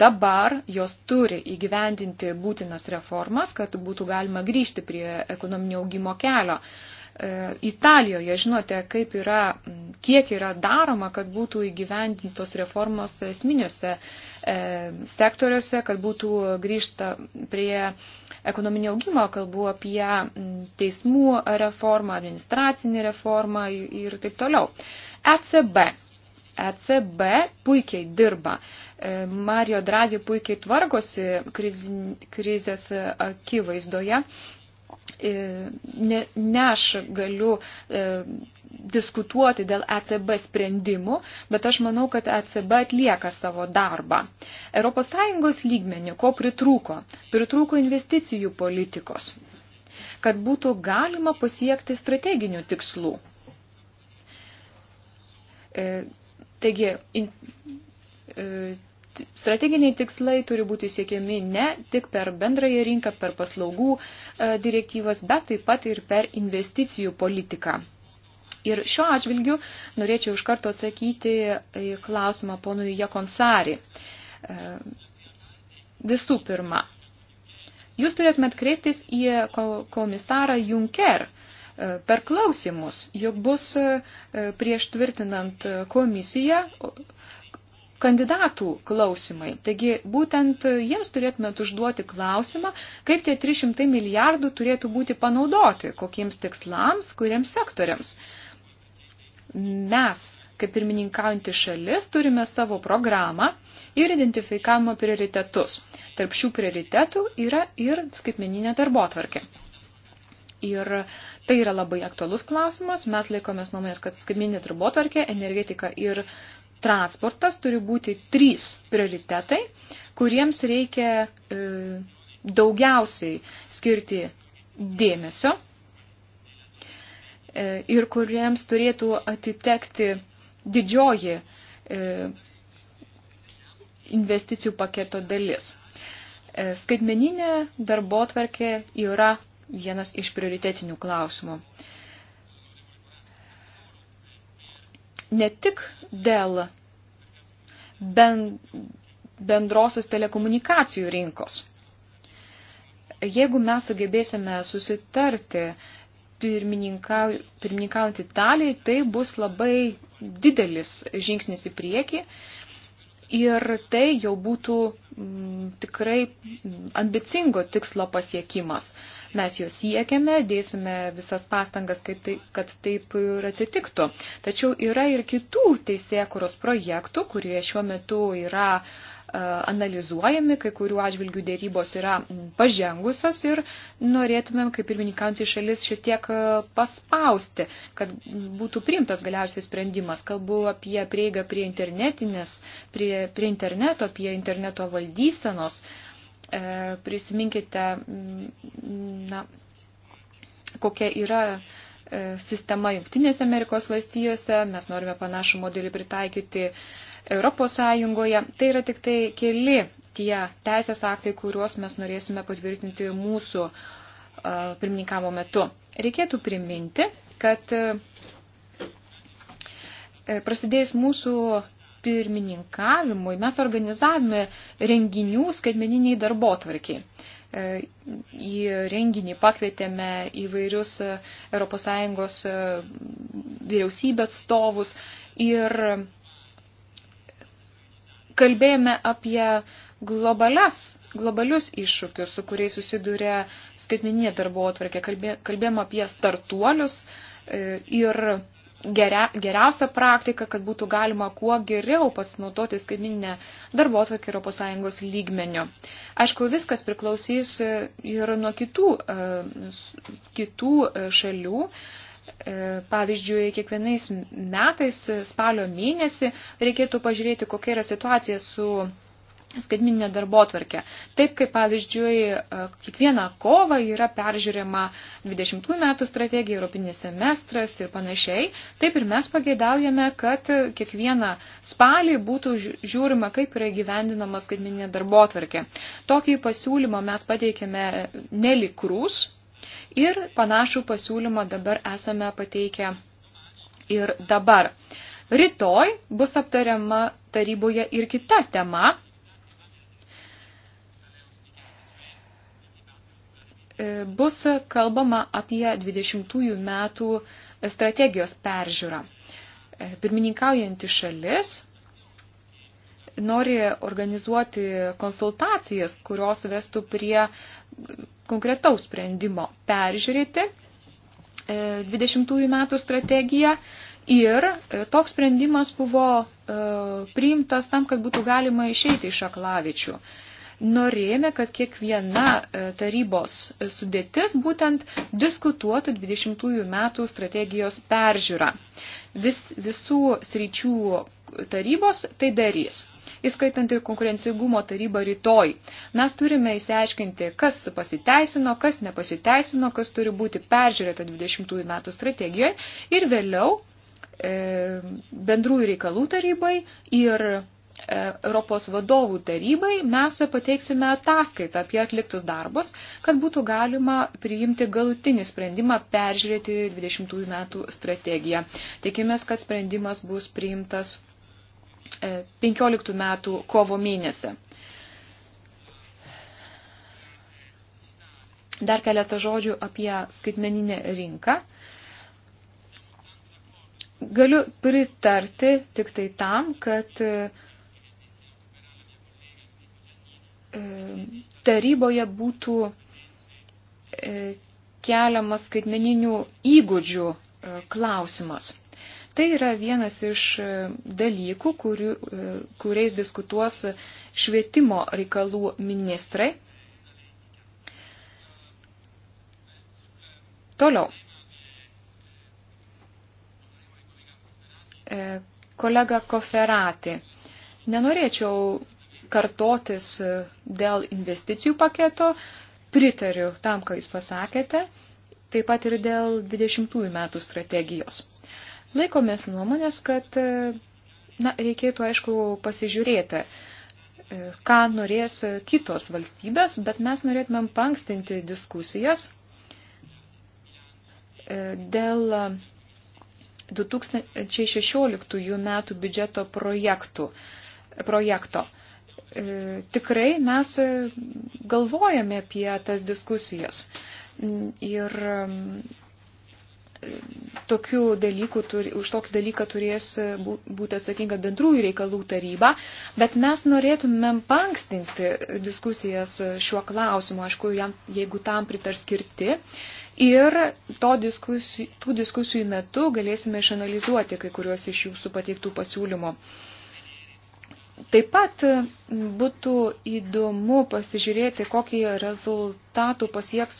dabar jos turi įgyvendinti būtinas reformas, kad būtų galima grįžti prie ekonominio augimo kelio. E, Italijoje, žinote, kaip yra, kiek yra daroma, kad būtų įgyvendintos reformos esminiuose e, sektoriuose, kad būtų grįžta prie ekonominio augimo, kalbu apie teismų reformą, administracinį reformą ir taip toliau. ECB ECB puikiai dirba. E, Mario Draghi puikiai tvarkosi krizės akivaizdoje. E, ne, ne aš galiu e, diskutuoti dėl ECB sprendimų, bet aš manau, kad ECB atlieka savo darbą. ES lygmenių ko pritrūko? Pritrūko investicijų politikos, kad būtų galima pasiekti strateginių tikslų. Taigi, in, e, strateginiai tikslai turi būti siekiami ne tik per bendrąją rinką, per paslaugų e, direktyvas, bet taip pat ir per investicijų politiką. Ir šiuo atžvilgiu norėčiau iš karto atsakyti į klausimą ponui Jakonsari. E, visų pirma, jūs turėtumėt kreiptis į komisarą Juncker, E, per klausimus, juk bus e, e, prieš tvirtinant komisiją kandidatų klausimai. Taigi būtent jiems turėtumėt užduoti klausimą, kaip tie 300 milijardų turėtų būti panaudoti, kokiems tikslams, kuriems sektoriams. Mes, kaip pirmininkaujantį šalis, turime savo programą ir identifikavimo prioritetus. Tarp šių prioritetų yra ir skaitmeninė darbo tvarkė. Ir tai yra labai aktualus klausimas. Mes laikomės nuomonės, kad skaitmeninė darbotvarkė, energetika ir transportas turi būti trys prioritetai, kuriems reikia e, daugiausiai skirti dėmesio e, ir kuriems turėtų atitekti didžioji e, investicijų paketo dalis. E, skaitmeninė darbo tvarkė yra vienas iš prioritetinių klausimų. Ne tik dėl bendrosios telekomunikacijų rinkos. Jeigu mes sugebėsime susitarti pirmininkaujant Italijai, tai bus labai didelis žingsnis į priekį ir tai jau būtų m, mm, tikrai mm, ambicingo tikslo pasiekimas. Mes jo siekiame, dėsime visas pastangas, tai, kad taip ir atsitiktų. Tačiau yra ir kitų teisėkuros projektų, kurie šiuo metu yra e, analizuojami, kai kurių atžvilgių dėrybos yra pažengusios ir norėtumėm, kaip pirmininkaujantį šalis, šiek tiek e, paspausti, kad būtų priimtas galiausiai sprendimas. Kalbu apie prieigą prie internetinės, prie, prie interneto, apie interneto valdysenos. Uh, E, prisiminkite, mm, na, kokia yra e, sistema Junktinėse Amerikos valstijose, mes norime panašų modelį pritaikyti Europos Sąjungoje. Tai yra tik tai keli tie teisės aktai, kuriuos mes norėsime patvirtinti mūsų e, pirmininkamo metu. Reikėtų priminti, kad prasidėjus mūsų pirmininkavimui mes organizavome renginių skaitmeniniai darbo tvarkiai. E, į renginį pakvietėme įvairius ES vyriausybė atstovus ir kalbėjome apie globales, globalius iššūkius, su kuriais susiduria skaitmeninė darbo atvarkė. Kalbėjome apie startuolius e, ir geria, geriausia praktika, kad būtų galima kuo geriau pasinaudoti skaitmininę darbo atvarkį ES lygmenio. Aišku, viskas priklausys e, ir nuo kitų, e, kitų e, šalių. Pavyzdžiui, kiekvienais metais spalio mėnesį reikėtų pažiūrėti, kokia yra situacija su skaitminę darbo tvarkę. Taip kaip pavyzdžiui, e, kiekvieną kovą yra peržiūrima 20 metų strategija, europinis semestras ir panašiai, taip ir mes pageidaujame, kad kiekvieną spalį būtų žiūrima, kaip yra gyvendinama skaitminė darbo tvarkė. Tokį pasiūlymą mes pateikėme e, nelikrus ir panašų pasiūlymą dabar esame pateikę ir dabar. Rytoj bus aptariama taryboje ir kita tema E, bus kalbama apie 20 metų strategijos peržiūrą. E, pirmininkaujanti šalis nori organizuoti konsultacijas, kurios vestų prie konkretaus sprendimo peržiūrėti 20 e, metų strategiją ir toks sprendimas buvo priimtas tam, kad būtų galima išeiti iš aklavičių norėjome, kad kiekviena e, tarybos e, sudėtis būtent diskutuotų 20 metų strategijos peržiūrą. Vis, visų sričių tarybos tai darys įskaitant ir konkurencingumo tarybą rytoj. Mes turime įsiaiškinti, kas pasiteisino, kas nepasiteisino, kas turi būti peržiūrėta 20 metų strategijoje ir vėliau e, bendrųjų reikalų tarybai ir E, Europos vadovų tarybai mes pateiksime ataskaitą apie atliktus darbus, kad būtų galima priimti galutinį sprendimą peržiūrėti 20 metų strategiją. Tikimės, kad sprendimas bus priimtas 15 e, metų kovo mėnesį. Dar keletą žodžių apie skaitmeninę rinką. Galiu pritarti tik tai tam, kad taryboje būtų e, keliamas skaitmeninių įgūdžių e, klausimas. Tai yra vienas iš e, dalykų, kuriu, kuriais diskutuos švietimo reikalų ministrai. Toliau. Kolega Koferati. Nenorėčiau kartotis dėl investicijų paketo, pritariu tam, ką jūs pasakėte, taip pat ir dėl 20 metų strategijos. Laikomės nuomonės, kad na, reikėtų aišku pasižiūrėti, ką norės kitos valstybės, bet mes norėtumėm pankstinti diskusijas dėl 2016 metų biudžeto projektų, projekto. E, tikrai mes e, galvojame apie tas diskusijas. Ir e, tokių dalykų, už tokį dalyką turės būti atsakinga bendrųjų reikalų taryba, bet mes norėtumėm pankstinti diskusijas šiuo klausimu, aišku, jam, jeigu tam pritars skirti. Ir diskusijų, tų diskusijų metu galėsime išanalizuoti kai kuriuos iš jūsų pateiktų pasiūlymų. Taip pat e, būtų įdomu pasižiūrėti, kokį rezultatų pasieks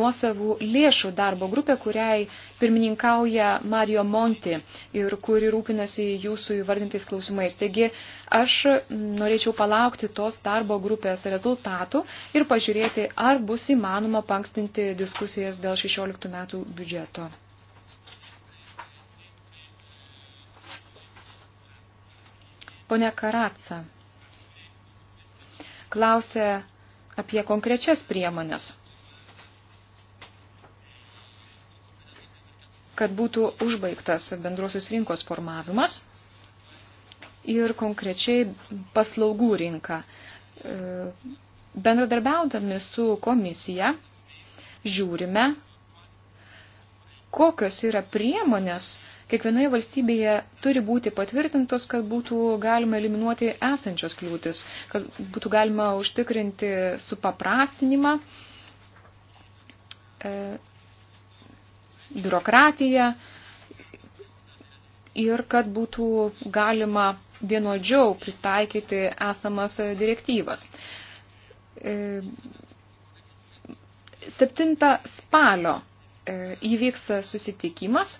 nuosavų lėšų darbo grupė, kuriai pirmininkauja Mario Monti ir kuri rūpinasi jūsų įvardintais klausimais. Taigi aš norėčiau palaukti tos darbo grupės rezultatų ir pažiūrėti, ar bus įmanoma pankstinti diskusijas dėl 16 metų biudžeto. Pone Karatsa klausė apie konkrečias priemonės, kad būtų užbaigtas bendrosios rinkos formavimas ir konkrečiai paslaugų rinka. E, bendradarbiaudami su komisija žiūrime, kokios yra priemonės, kiekvienoje valstybėje turi būti patvirtintos, kad būtų galima eliminuoti esančios kliūtis, kad būtų galima užtikrinti supaprastinimą, e, biurokratiją ir kad būtų galima vienodžiau pritaikyti esamas direktyvas. 7 e, spalio e, įvyks susitikimas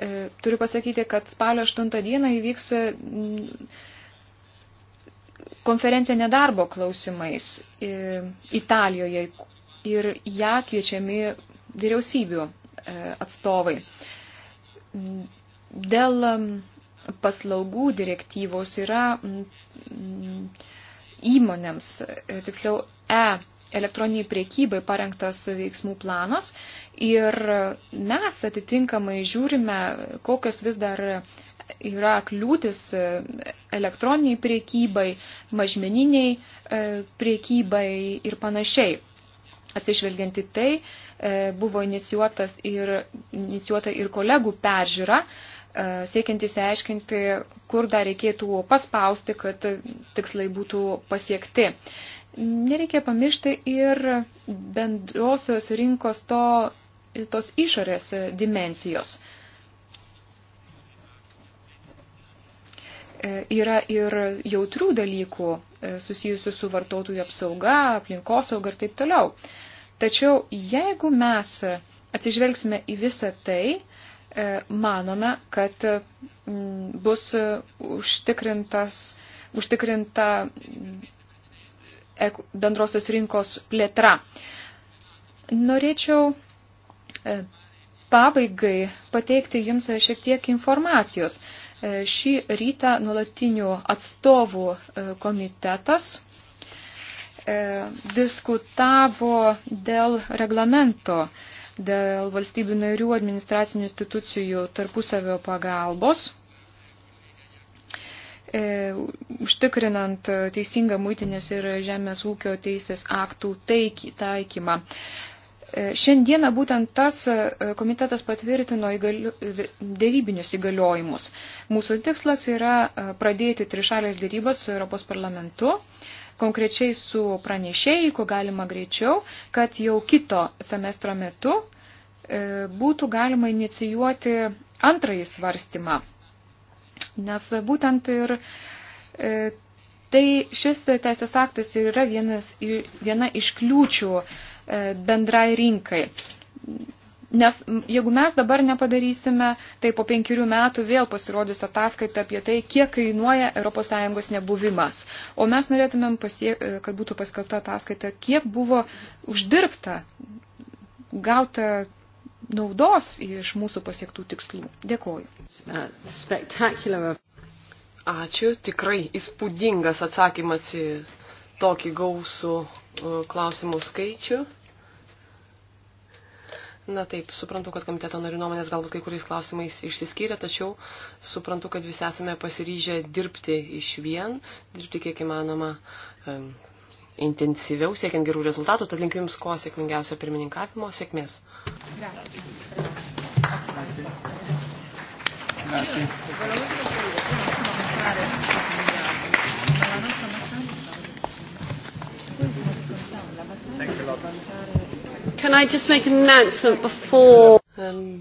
E, turiu pasakyti, kad spalio 8 dieną įvyks mm, konferencija nedarbo klausimais e, Italijoje ir ją kviečiami vyriausybių e, atstovai. Dėl mm, paslaugų direktyvos yra mm, įmonėms, tiksliau E elektroniniai priekybai parengtas veiksmų planas Ir mes atitinkamai žiūrime, kokios vis dar yra kliūtis elektroniniai priekybai, mažmeniniai e, priekybai ir panašiai. Atsižvelgianti tai, e, buvo inicijuotas ir, inicijuota ir kolegų peržiūra, e, siekiant įsiaiškinti, kur dar reikėtų paspausti, kad tikslai būtų pasiekti. Nereikia pamiršti ir bendrosios rinkos to tos išorės dimensijos. E, yra ir jautrių dalykų e, susijusių su vartotojų apsauga, aplinkosauga ir taip toliau. Tačiau jeigu mes atsižvelgsime į visą tai, e, manome, kad bus užtikrintas, užtikrinta bendrosios rinkos plėtra. Norėčiau E, pabaigai pateikti jums šiek tiek informacijos. E, šį rytą nulatinių atstovų e, komitetas diskutavo dėl reglamento, dėl valstybių narių administracinių institucijų tarpusavio pagalbos, užtikrinant teisingą muitinės ir žemės ūkio teisės aktų taikymą. E, šiandieną būtent tas e, komitetas patvirtino įgaliu, e, dėrybinius įgaliojimus. Mūsų tikslas yra pradėti trišalės dėrybas su Europos parlamentu, konkrečiai su pranešėjai, ko galima greičiau, kad jau kito semestro metu būtų galima inicijuoti antrąjį svarstymą. Nes būtent ir tai šis teisės aktas yra vienas, viena iš kliūčių E, bendrai rinkai. Nes jeigu mes dabar nepadarysime, tai po penkerių metų vėl pasirodys ataskaita apie tai, kiek kainuoja ES nebuvimas. O mes norėtumėm, pasiek, e, kad būtų paskelbta ataskaita, kiek buvo uždirbta, gauta naudos iš mūsų pasiektų tikslų. Dėkoju. Ačiū, tikrai įspūdingas atsakymas į tokį gausų e, klausimų skaičių. Na taip, suprantu, kad komiteto narių nuomonės galbūt kai kuriais klausimais išsiskyrė, tačiau suprantu, kad visi esame pasiryžę dirbti iš vien, dirbti kiek įmanoma um, intensyviau, siekiant gerų rezultatų, tad linkiu Jums kuo sėkmingiausio pirmininkavimo, sėkmės. Thanks a lot. Can I just make an announcement before?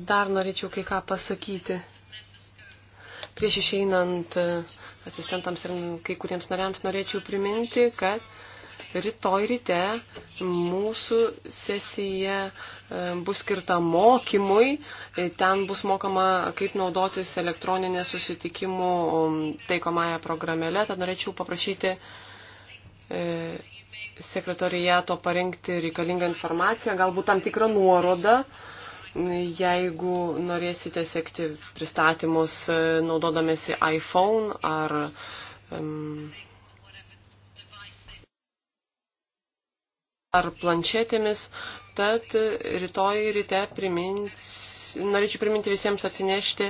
Dar norėčiau kai ką pasakyti. Prieš išeinant e, asistentams ir kai kuriems nariams norėčiau priminti, kad rytoj ryte mūsų sesija e, bus skirta mokymui. E, ten bus mokama, kaip naudotis elektroninė susitikimų taikomąją programėlę. Tad norėčiau paprašyti sekretariato parengti reikalingą informaciją, galbūt tam tikrą nuorodą, jeigu norėsite sekti pristatymus e, naudodamėsi iPhone ar um, ar planšetėmis, tad rytoj ryte primins, norėčiau priminti visiems atsinešti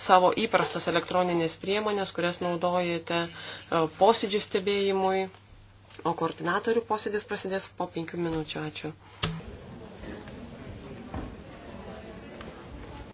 savo įprastas elektroninės priemonės, kurias naudojate e, posėdžių stebėjimui o koordinatorių posėdis prasidės po penkių minučių. Ačiū.